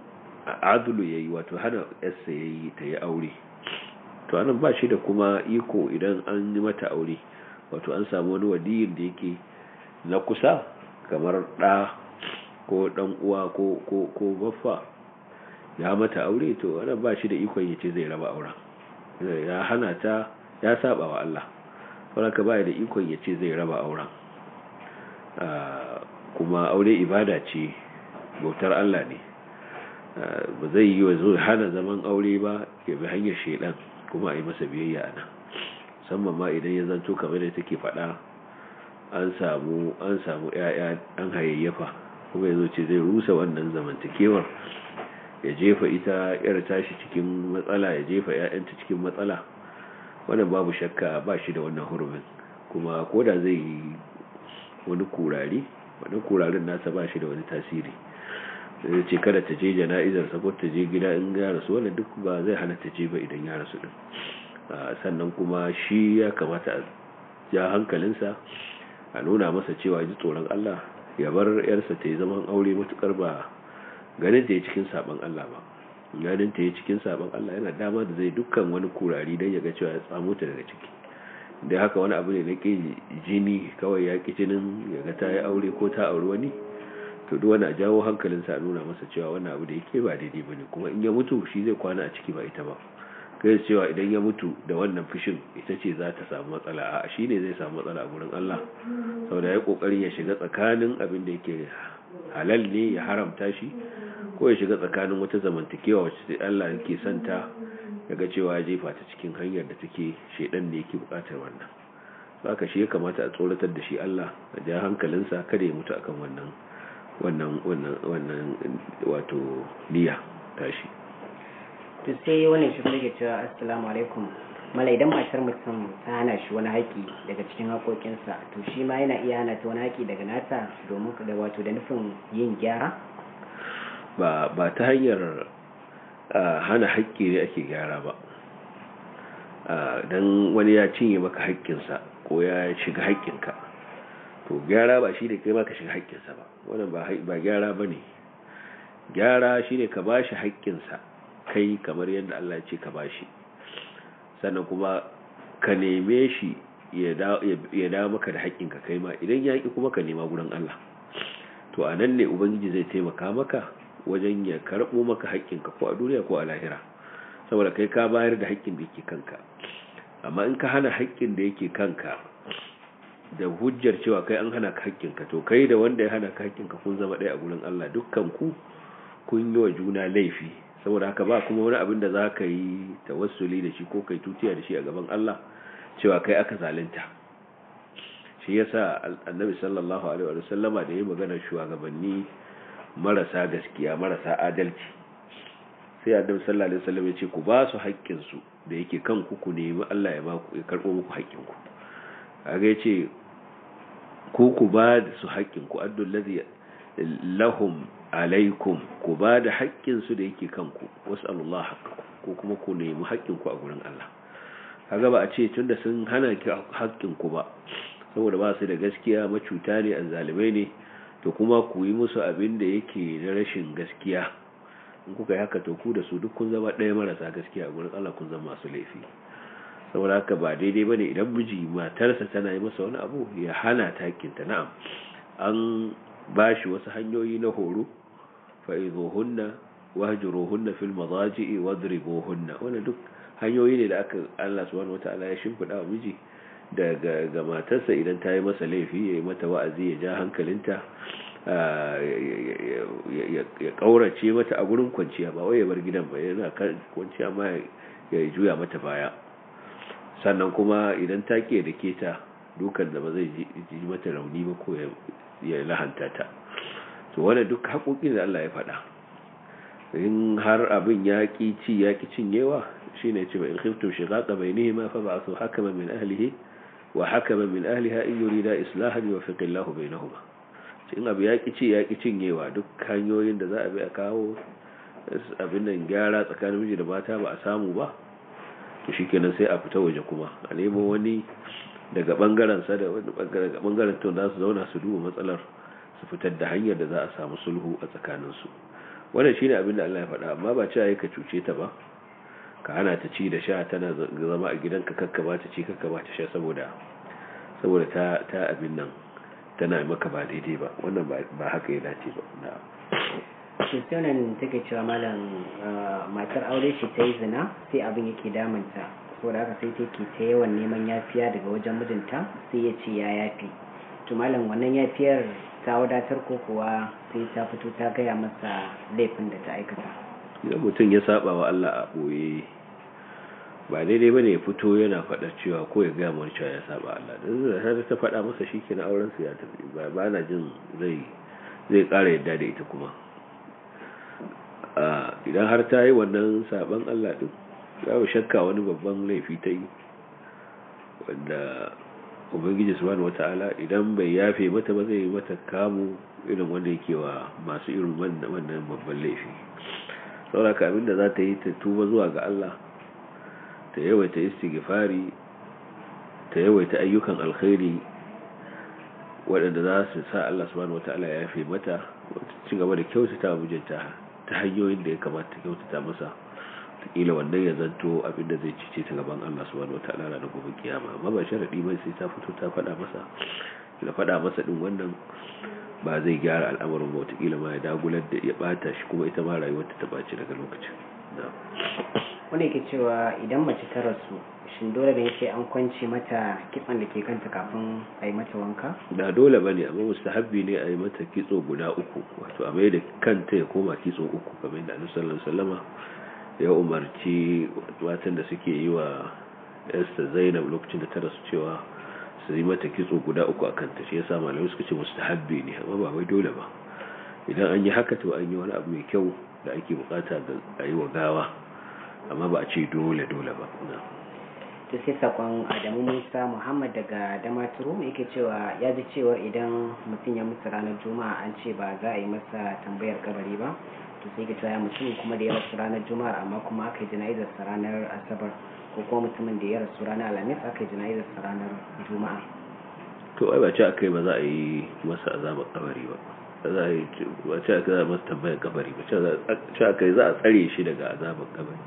adulu yayi wato hana yarsa yayi ta yi aure to anan ba shi da kuma iko idan an yi mata aure wato an samu wani wadiyin da yake na kusa kamar ɗa ko ɗan uwa ko ko baffa ya mata aure to wannan ba shi da ikon yace zai raba auren ya hana ta ya saba wa Allah ka bai da ikon yace zai raba auren ah, kuma aure ibada ce bautar Allah ne ah, ba zai yi wa hana zaman aure ba ya bi hanyar shedan kuma a yi masa biyayya a nan musamman ma idan ya zanto kamar da take faɗa an samu an samu yaya an hayayyafa kuma yazo ce zai rusa wannan zamantakewar ya jefa ita yar tashi cikin matsala ya jefa yayanta cikin matsala wannan babu shakka ba shi da wannan hurumin kuma koda zai yi wani kurari wani kurarin nasa ba shi da wani tasiri zai ce kada ta je jana'izar sa ta je gida in ya rasu wannan duk ba zai hana ta je ba idan ya rasu din sannan kuma shi ya kamata a ja hankalinsa a nuna masa cewa ji tsoron Allah ya bar yarsa ta yi zaman aure matukar ba ganin ta yi cikin saban Allah ba ganin ta yi cikin saban Allah yana dama da zai dukkan wani kurari don ya ga cewa ya tsamo ta daga ciki da haka wani abu ne na ƙi jini kawai ya ƙi jinin yaga ta yi aure ko ta auri wani to duk wani jawo hankalinsa a nuna masa cewa wani abu da yake ba daidai ba ne kuma in ya mutu shi zai kwana a ciki ba ita ba kai cewa idan ya mutu da wannan fushin ita ce za ta samu matsala a shi ne zai samu matsala a gurin Allah sau da ya kokari ya shiga tsakanin abin da yake halal ne ya haramta shi ko ya shiga tsakanin wata zamantakewa wacce sai Allah yake ta daga cewa ya jefa ta cikin hanyar da take shedan ne yake bukatar wannan haka shi ya kamata a tsoratar da shi Allah a ja hankalinsa kada ya mutu akan wannan wannan wannan wannan wato niyya tashi to sai wannan shi kuma cewa assalamu alaikum mala idan matar mutum ta hana shi wani haƙi daga cikin haƙoƙinsa to shi ma yana iya hana ta wani haƙi daga nata domin da wato da nufin yin gyara ba ba ta hanyar hana haƙƙi ne ake gyara ba don wani ya cinye maka haƙƙinsa ko ya shiga haƙƙinka to gyara ba shi ne kai maka shiga haƙƙinsa ba wannan ba gyara ba ne gyara shi ne ka ba shi haƙƙinsa kai kamar yadda Allah ce ka bashi sannan kuma ka neme shi ya da maka da ka kai ma idan ya ƙi kuma ka nema gurin Allah to a nan ne ubangiji zai taimaka maka wajen ya karɓo maka haƙƙinka ko a duniya ko a lahira saboda kai ka bayar da haƙƙin da yake kanka amma in ka hana haƙƙin da yake kanka da hujjar cewa kai an hana ka haƙƙinka to kai da wanda ya hana ka haƙƙinka kun zama ɗaya a gurin Allah dukkan ku kun yi wa juna laifi saboda haka ba kuma wani abin da za ka yi tawassuli da shi ko kai tutiya da shi a gaban Allah cewa kai aka zalunta shi yasa annabi sallallahu alaihi wa sallama da ya magana shugabanni marasa gaskiya marasa adalci sai annabi sallallahu alaihi wa sallama ya ce ku ba su haƙƙin su da yake kan ku ku nemi Allah ya ba ya karɓo muku haƙƙin ku kaga yace ku ku ba su haƙƙin ku addu lahum alaikum ku ba da haƙƙinsu da yake kanku wasu Allah haƙƙinku, ko kuma ku nemi haƙƙinku a gurin Allah kaga ba a ce tun da sun hana ki haƙƙinku ba saboda ba su da gaskiya macuta ne an zalumai ne to kuma ku yi musu abin da yake na rashin gaskiya in kuka yi haka to ku da su duk kun zama ɗaya marasa gaskiya a gurin Allah kun zama masu laifi saboda haka ba daidai ba ne idan miji matarsa tana yi masa wani abu ya hana takinta na'am an bashi wasu hanyoyi na horo fa'izuhunna hajjurohunna fil wa wadribuhunna Wani duk hanyoyi ne da aka Allah subhanahu Ala ya shimfida wa miji daga ga matarsa idan ta yi masa laifi ya yi mata wa'azi ya ja hankalinta ya ƙaurace mata a gurin kwanciya ba wai ya bar gidan ba yana kwanciya ma ya juya mata baya sannan kuma idan ta ke da keta dukan da ba zai ji mata rauni ba ko ya lahanta ta to wane duk haƙoƙi da Allah ya faɗa in har abin ya ƙi ci ya ƙi cinyewa shi ne ce ba in khiftum shiqaqa bainihima fa haka min ahlihi wa hakaman min ahliha in yurida islahan bai Allahu bainahuma in abu ya ƙi ci ya ƙi cinyewa duk hanyoyin da za a bi a kawo abin nan gyara tsakanin miji da mata ba a samu ba to shi kenan sai a fita waje kuma a nemo wani daga bangaren sa da wani to za su zauna su duba matsalar su fitar da hanyar da za a samu sulhu a tsakaninsu wannan shine abin da Allah ya faɗa amma ba cewa ka cuce ta ba ka hana ta ci da sha tana zama a gidanka kakka ba ta ci kakka ba ta sha saboda saboda ta ta abin nan tana maka ba daidai ba wannan ba haka ya dace ba na'am shekunan take cewa malam ah, matar aure shi ta yi zina sai abin yake damunta saboda haka sai take ta yawan neman yafiya daga wajen mijinta sai ya ce ya yafi to malam wannan yafiyar ta wadatar ko kuwa sai ta fito ta gaya masa laifin da ta aikata idan mutum ya saba wa Allah a ɓoye, ba daidai ba ne ya fito yana faɗa cewa ko ya gaya mawar cewa ya saba Allah da zai ta faɗa masa shi kenan auren su ya tafi ba ba na jin zai zai ƙara yadda da ita kuma idan har ta yi wannan saban Allah din mu shakka wani babban laifi ta yi wanda ubangiji subhanahu wata'ala idan bai yafe mata ba zai mata kamu irin wanda yake wa masu irin wannan babban laifi sauraka abinda za ta yi ta tuba zuwa ga Allah ta yawaita istighfari ta yawaita ayyukan alkhairi waɗanda za su sa Allah subhanahu wata'ala ya yafe mata wata ci gaba da kyautata mijinta ta hanyoyin da ya kamata kyautata masa kila wannan ya zanto abin da zai cice ta gaban Allah subhanahu ta'ala da gobe kiyama amma ba sharadi ba sai ta fito ta faɗa masa da faɗa masa din wannan ba zai gyara al'amarin ba wataƙila ma ya dagular da ya bata shi kuma ita ma rayuwarta ta baci daga lokacin wani ke cewa idan mace ta rasu shin dole ne sai an kwance mata kitsan da ke kanta kafin a yi mata wanka? da dole ba ne amma mustahabbi ne a yi mata kitso guda uku wato a mai da kanta ya koma kitso uku kamar da annabi sallallahu alaihi ya umarci matan da suke yi wa yasta zainab lokacin da ta rasu cewa su yi mata kitso guda uku a kanta shi ya yasa malamai suka ce habbe ne amma ba wai dole ba idan an yi haka to an yi wani abu mai kyau da ake bukata ga a yi wa gawa amma ba a ce dole dole ba to sai sakon adamu musa muhammad daga damaturu yake cewa ya ji cewa idan mutum ya mutu ranar juma'a an ce ba za a yi masa tambayar kabari ba to sai ka cewa mutum kuma da ya rasu ranar juma'ar amma kuma aka yi jana'izar sa ranar asabar ko kuma mutumin da ya rasu ranar alhamis aka yi jana'izar sa ranar juma'a to ai ba ce yi ba za a yi masa azabar kabari ba a ba ce yi za a masa tambayar kabari ba ce yi za a tsare shi daga azabar kabari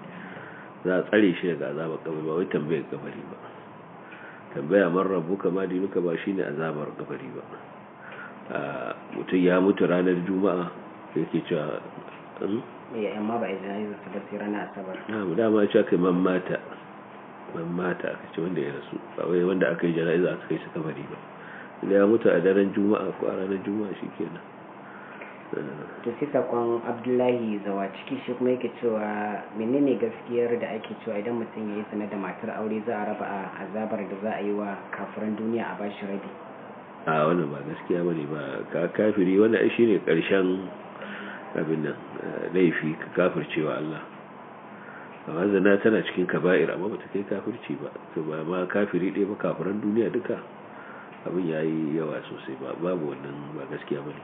za a tsare shi daga azabar kabari ba wai tambayar kabari ba tambaya man rabu kama dinuka ba shine azabar kabari ba ah, mutum ya mutu ranar juma'a yake cewa ya eh, amma ba idan su ba sai asabar na'am dama ya ce mata aka ce wanda ya rasu ba wai wanda aka yi jana'iza aka kai su kamari ba da ya mutu a daren juma'a ko a ranar juma'a shi shikenan eh. to sai sakon abdullahi zawa ciki shi kuma yake cewa menene gaskiyar da ake cewa idan mutum ya yi sanar da matar aure za a raba a azabar da za a yi wa kafiran duniya a bashi rabi a wannan ba gaskiya bane ba ka kafiri wannan shi ne karshen abin nan eh, laifi ka kafircewa Allah amma zina tana cikin kaba'ir amma bata kai kafirci ba to ba ma kafiri ɗaya ba kafiran duniya duka abin ya yi yawa sosai ba babu wannan ba gaskiya ba ne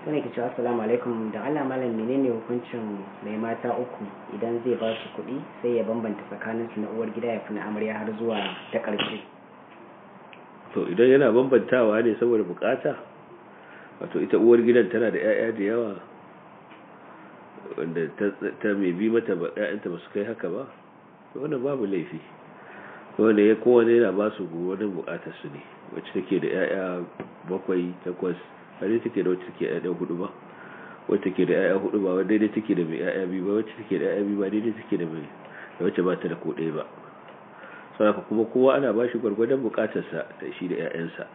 to ne cewa assalamu alaikum da Allah malam menene hukuncin mai mata uku idan zai ba su kuɗi sai ya bambanta tsakanin su na uwar gida ya fi na amarya har zuwa ta ƙarshe to idan yana bambantawa ne saboda bukata wato ita uwar gidan tana da 'ya'ya da yawa wanda ta mai bi mata ba 'ya'yanta ba su kai haka ba wannan babu laifi wanda ya kowane yana ba su wani bukatar su ne wacce take da 'ya'ya bakwai takwas har yi take da wacce take 'ya'ya hudu ba wacce take da 'ya'ya hudu ba wadda daidai take da mai 'ya'ya biyu ba wacce take da 'ya'ya biyu ba daidai take da mai da wacce ba ta da kuɗe ba saboda kuma kowa ana ba shi gwargwadon bukatarsa da shi da 'ya'yansa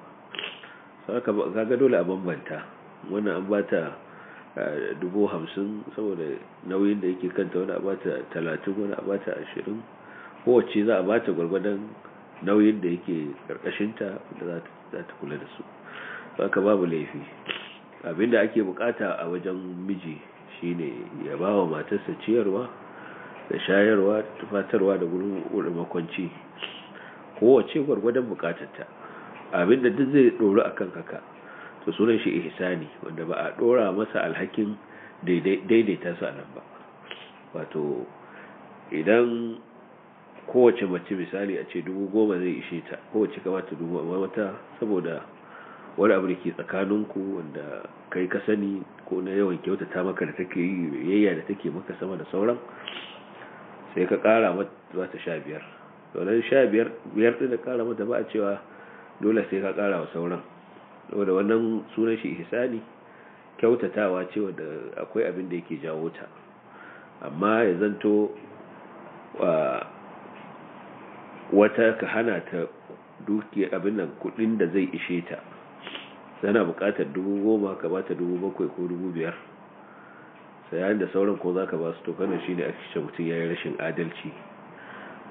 ka ga dole a bambanta wannan an bata eh, dubu hamsin saboda nauyin da yake kanta wani a bata talatin wani a bata ashirin kowace za a bata gwargwadon nauyin da yake karkashinta da za ta kula da su saka babu laifi abinda ake bukata a wajen miji shine ya ba wa matarsa ciyarwa da shayarwa tufatarwa da gurin makwanci kowace gwargwadon ta. abin da duk zai a kan haka to sunan shi ihsani wanda ba a ɗora masa alhakin daidaita su a nan ba wato idan kowace mace misali a ce dubu goma zai ishe ta kowace kamata dubu amma wata saboda wani abu da ke tsakaninku wanda kai ka sani ko na yawan kyauta ta maka da take yi yayya da take maka sama da sauran sai ka kara mata sha biyar dolan sha biyar biyar da kara mata ba a cewa dole sai ka kara wa sauran saboda wannan sunan shi ihsani kyautatawa ce wanda akwai abin da yake jawo ta amma ya zanto wata ka hana ta duki abin nan kudin da zai ishe ta tana bukatar dubu goma ka ba ta dubu bakwai ko dubu biyar sayan da sauran ko za ka ba su tokanin shi ne a cikin mutum ya yi rashin adalci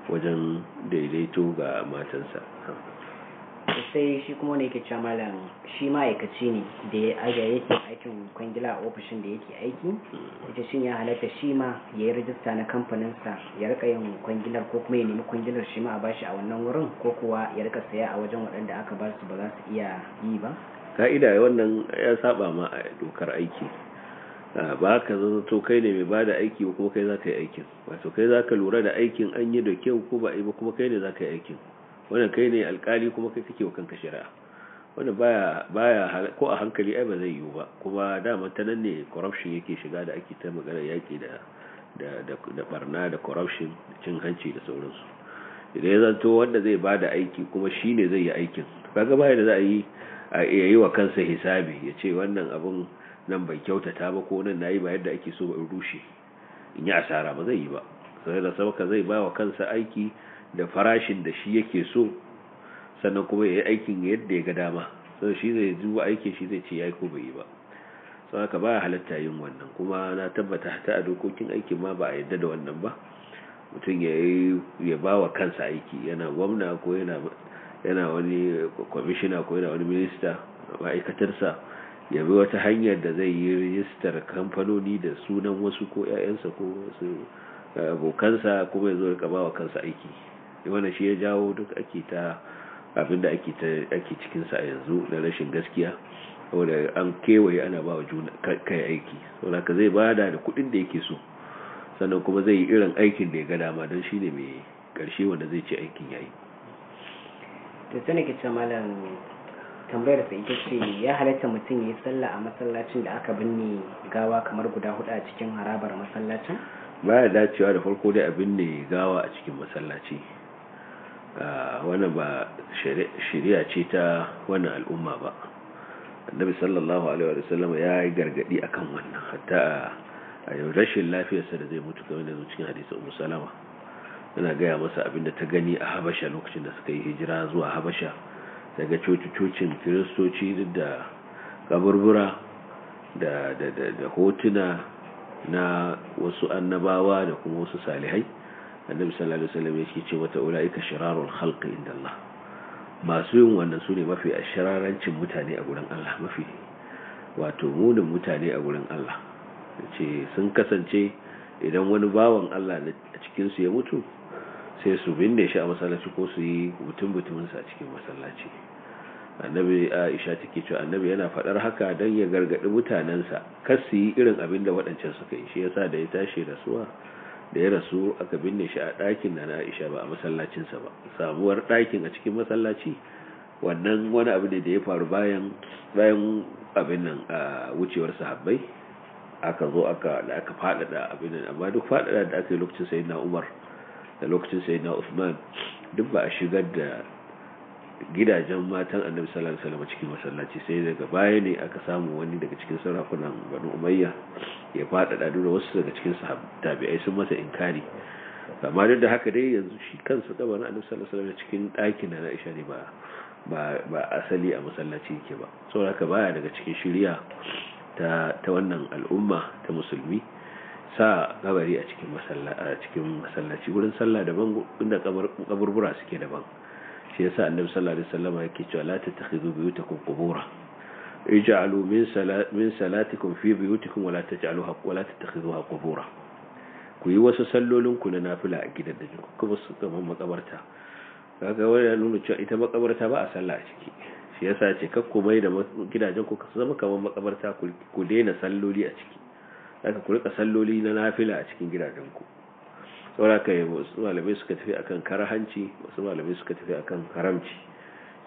wajen daidaito ga matansa sai shi kuma ne yake cewa malam shi ma'aikaci ne da ya yake aikin kwangila a ofishin da yake aiki ita shin ya halatta shi ma ya yi rajista na kamfaninsa ya rika yin kwangilar ko kuma ya nemi kwangilar shi ma a bashi a wannan wurin ko kuwa ya rika saya a wajen waɗanda aka ba su ba za su iya yi ba ka'ida wannan ya saba ma a dokar aiki ah, ba ka zato kai ne mai bada aiki ko kai za ka yi aikin wato kai za ka lura da aikin an yi da kyau ko ba yi ba kuma kai ne za ka yi aikin wannan kai ne alkali kuma kai kake wa kanka shari'a wannan baya baya ko a hankali ai ba zai yiwu ba kuma dama ta nan ne corruption yake shiga da ake ta magana yaki da da da barna da corruption cin hanci da sauransu idan ya zanto wanda zai bada aiki kuma shine zai yi aikin kaga baya da za a yi a yi wa kansa hisabi ya ce wannan abun nan bai kyautata ba ko nan nayi ba yadda ake so ba in rushe in yi asara ba zai yi ba sai da sabaka zai ba wa kansa aiki da farashin da shi yake so sannan kuma ya yi aikin yadda ya ga dama sannan shi zai zuwa aiki shi zai ce ya yi ko bai yi ba sau haka ba halatta yin wannan kuma na tabbata ta a dokokin aikin ma ba a yadda da wannan ba mutum ya ba wa kansa aiki yana gwamna ko yana wani kwamishina ko yana wani minista ma'aikatarsa ya bi wata hanyar da zai yi rijistar kamfanoni da sunan wasu ko 'ya'yansa ko wasu eh, abokansa kuma ya zo ya ba wa kansa aiki Eh, wanda shi ya jawo duk ake ta abinda ake ta ake cikin sa yanzu da rashin gaskiya saboda an kewaye ana ba wa juna kai aiki saboda ka zai ba da kuɗin da yake so sannan kuma zai yi irin aikin da ya ga dama don shi ne mai karshe wanda zai ce aikin yayi to sai nake ce malam tambayar sa ita ce ya halatta mutum ya yi sallah a masallacin da aka binne gawa kamar guda hudu a cikin harabar masallacin baya dacewa da farko dai a binne gawa a cikin masallaci Ah, wannan ba shari'a ce ta wannan al'umma ba annabi sallallahu alaihi wa sallam ya yi gargadi akan wannan hatta a yau rashin lafiyarsa da zai mutu kamar da cikin hadisi ummu salama yana gaya masa abin da ta gani a habasha lokacin da suka yi hijira zuwa habasha daga cocin kiristoci da kaburbura da hotuna na wasu annabawa da kuma wasu salihai annabi sallallahu alaihi wasallam yake ce wata ulaika shirarul khalqi inda Allah masu yin wannan su ne mafi ashirarancin mutane a gurin Allah mafi wato munin mutane a gurin Allah ce sun kasance idan wani bawan Allah a cikin su ya mutu sai su binne shi a masallaci ko su yi mutum mutumin sa a cikin masallaci annabi Aisha take cewa annabi yana fadar haka dan ya gargadi mutanansa kar su yi irin abin da waɗancan suka yi shi yasa da ya tashi rasuwa da ya rasu aka binne shi a ɗakin na Aisha ba a masallacinsa ba samuwar ɗakin a cikin masallaci wannan wani abu ne da ya faru bayan bayan abin nan a wucewar sahabbai aka zo aka da aka faɗaɗa abin nan amma duk faɗaɗa da aka yi lokacin sayyidina Umar da lokacin sayyidina usman duk ba a shigar da gidajen matan annabi sallallahu alaihi wasallam cikin masallaci sai daga baya ne aka samu wani daga cikin sarakunan Banu Umayya ya fada da dura wasu daga cikin tabi'ai sun masa inkari amma duk da haka dai yanzu shi kansa da banu annabi sallallahu alaihi wasallam cikin ɗakin na Aisha ne ba ba asali a masallaci yake ba saboda haka baya daga cikin shirya ta ta wannan al'umma ta musulmi sa kabari a cikin masallaci wurin sallah daban inda kaburbura suke daban shi yasa annabi sallallahu alaihi wasallam yake cewa la tattakhidhu buyutakum qubura ij'alu min min salatikum fi buyutikum wala taj'aluha wala tattakhidhuha qubura ku yi wasu sallolin ku na nafila a gidan da ku kuma su kaman makabarta kaga ya nuna cewa ita makabarta ba a sallah a ciki shi yasa ce kakku mai da gidajen ku zama kaman makabarta ku daina salloli a ciki haka ku rika salloli na nafila a cikin gidajen ku yi wasu malamai suka tafi akan karahanci wasu malamai suka tafi akan haramci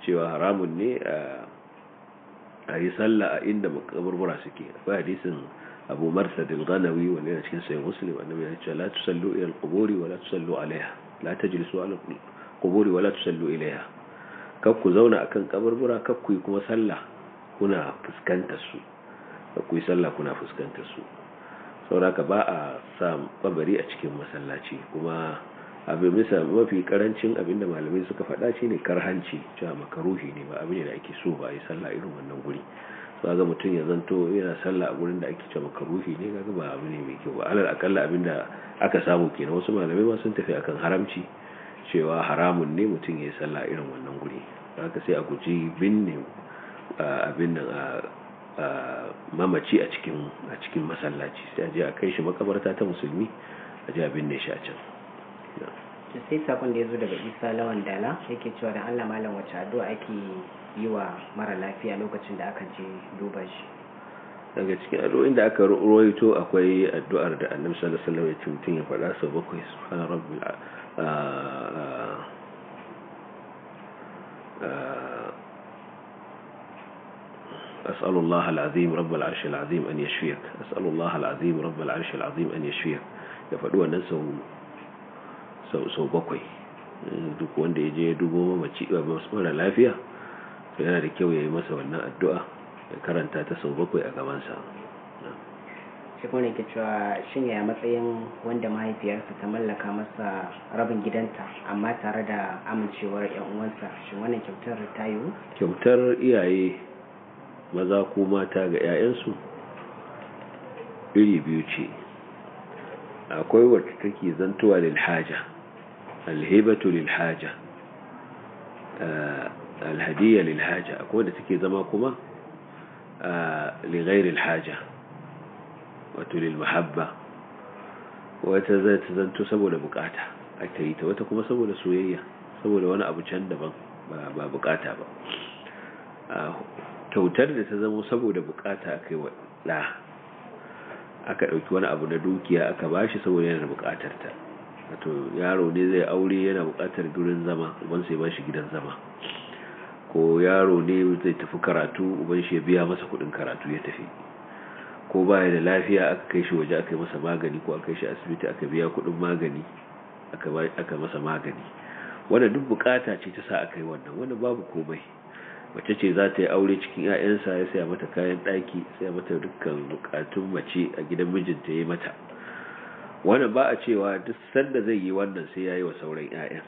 cewa haramun ne a yi sallah a inda makaburbura suke akwai hadisin abu da ganawi wanda yana cikin sayin musulmi wanda ya ce la tusallu ila quburi wa la tusallu alaiha la tajlisu ala quburi wa la tusallu ilaiha kar ku zauna akan kaburbura kar ku yi kuma sallah kuna fuskantar su kar ku yi sallah kuna fuskantar su sauraka ba a sa kwabari a cikin masallaci kuma abin bisa mafi karancin abinda malamai suka faɗa shi ne karhanci cewa makaruhi ne ba abin da ake so ba a yi sallah irin wannan guri so ga mutum ya zanto yana sallah a gurin da ake cewa makaruhi ne ga ba abin ne mai kyau ba alal akalla abin da aka samu kenan wasu malamai ma sun tafi akan haramci cewa haramun ne mutum ya yi sallah irin wannan guri haka sai a guji binne abin nan a mamaci a cikin a cikin masallaci sai a je a kai shi makabarta ta musulmi a je a binne shi a can to sai sakon da ya zo daga isa lawan dala yake cewa da allah malam wacce addu'a ake yi wa mara lafiya lokacin da aka je duba shi daga cikin addu'o'in da aka rawaito akwai addu'ar da annabi sallallahu alaihi wasallam ya tuntun ya faɗa sau bakwai subhana rabbil أسأل الله العظيم رب العرش العظيم أن يشفيك أسأل الله العظيم رب العرش العظيم أن يشفيك يفعلوا أن سو سو سو بقوي duk wanda ya je ya dubo mace mara lafiya to yana da kyau ya yi masa wannan addu'a ya karanta ta sau bakwai a gabansa shi kuma ke cewa shin ya matsayin wanda mahaifiyarsa ta mallaka masa rabin gidanta amma tare da amincewar yan uwansa shin wannan kyautar ta yiwu kyautar iyaye maza ko mata ga 'ya'yansu iri biyu ce akwai wacce take zantuwa lilhaja alhibatu lilhaja eh, alhadiyya lilhaja akwai wadda take zama kuma eh, lighairil haja wato lilmahabba wata zai ta zanto saboda bukata aka yi ta wata kuma saboda soyayya saboda wani abu can daban ba bukata ba ah, kyautar da ta zama saboda bukata aka yi wa aka ɗauki wani abu na dukiya aka ba shi saboda yana bukatar ta wato yaro ne zai aure yana bukatar gurin zama uban sai ba shi gidan zama ko yaro ne zai tafi karatu uban shi ya biya masa kuɗin karatu ya tafi ko baya da lafiya aka kai shi waje aka yi masa magani ko aka kai shi asibiti aka biya kuɗin magani aka masa magani wanda duk bukata ce ta sa aka yi wannan wannan babu komai mace ce za ta yi aure cikin 'ya'yansa ya saya mata kayan ɗaki saya mata dukkan bukatun mace a gidan mijinta ya mata wannan ba a cewa duk sanda zai yi wannan sai ya yi wa sauran 'ya'yan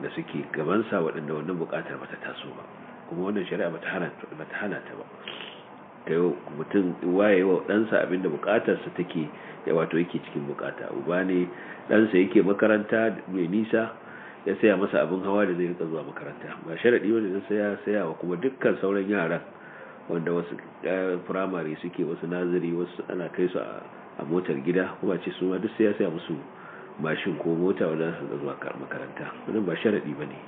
da suke gabansa waɗanda wannan bukatar bata taso ba kuma wannan shari'a ta hana ta ba ta yi mutum waye wa ɗansa abinda bukatarsa take ya wato yake cikin bukata uba ne ɗansa yake makaranta mai nisa ya saya masa abin hawa da zai rika zuwa makaranta ba sharadi wani zai saya saya wa kuma dukkan sauran yara wanda wasu eh, firamare suke wasu naziri wasu ana kai su a motar gida kuma ce su ma duk sai ya saya musu mashin ko mota wanda su zuwa makaranta wannan ba sharadi ne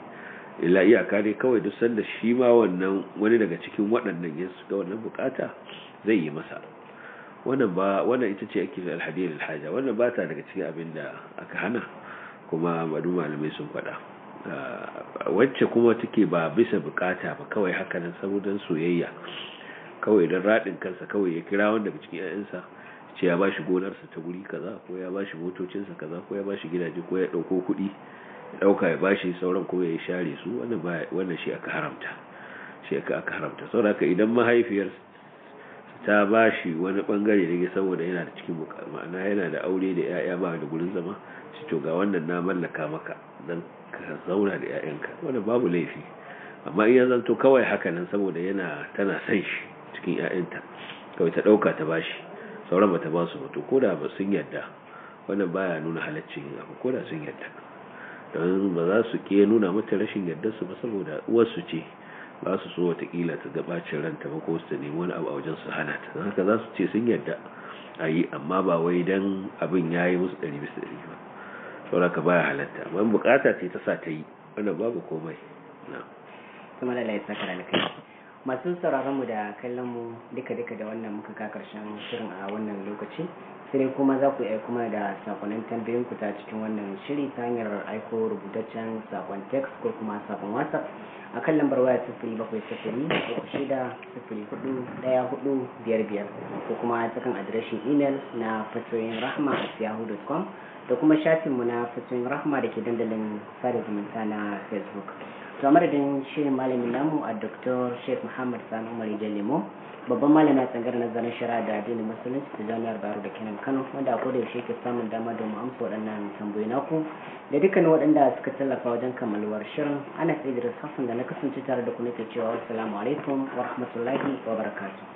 illa iyaka ne kawai duk sanda shi ma wannan wani daga cikin waɗannan ya su ga wannan bukata zai yi masa wannan ba wannan ita ce ake alhadiyar alhaja wannan ba ta daga cikin abin da aka hana kuma madu malamai sun faɗa ah, wacce kuma take ba bisa bukata ba kawai haka hakanan saboda soyayya kawai don raɗin kansa kawai ya kira wanda daga cikin 'ya'yansa ce ya bashi gonarsa ta guri kaza ko ya bashi motocinsa kaza ko ya bashi gidaje ko ya ɗauko kuɗi ya ɗauka ya bashi sauran ko ya share su wannan shi aka haramta shi aka haramta saboda idan mahaifiyar ta ba shi wani bangare ne saboda yana da cikin ma'ana yana da aure da 'ya'ya ba da gurin zama shi to ga wannan na mallaka maka don ka zauna da 'ya'yanka wanda babu laifi amma in ya zanto kawai hakanan saboda yana tana san shi cikin 'ya'yanta kawai ta ɗauka ta ba shi sauran ba ta ba su mutu ko da ba sun yarda wannan baya nuna halaccin abu ko da sun yarda don ba za su ke nuna mata rashin yarda su ba saboda uwarsu ce ba su so watakila ta gabacin ranta ba ko su nemi wani abu a wajen su hana ta haka za su ce sun yarda a yi amma ba wai don abin ya yi musu ɗari bisa ɗari ba ka baya halatta amma bukata ce ta sa ta yi wannan babu komai na kuma saka da masu sauraron mu da kallon mu duka-duka da wannan muka ka karshen shirin a wannan lokaci sai kuma za ku iya kuma da sakonnin tambayoyin ku ta cikin wannan shiri ta hanyar aiko rubutaccen sakon text ko kuma sakon whatsapp a kan lambar waya sifiri bakwai sifiri uku shida sifiri hudu daya hudu biyar biyar ko kuma ta kan adireshin imel na fasoyin rahma a yahoo.com da kuma shafinmu na fasoyin rahma da ke dandalin sada zumunta na facebook to a madadin shirin malamin namu a dr sheikh muhammad sani umar lemo babban malami ya tsangar nazarin shari'a da addinin musulunci da jami'ar baro da kenan kano wanda a koda yaushe ke samun dama da domin amsa waɗannan tambayoyi naku da dukkanin waɗanda suka tallafa wajen kammaluwar shirin ana idris hassan da na kasance tare da ku nake cewa assalamu alaikum wa rahmatullahi wa barakatuh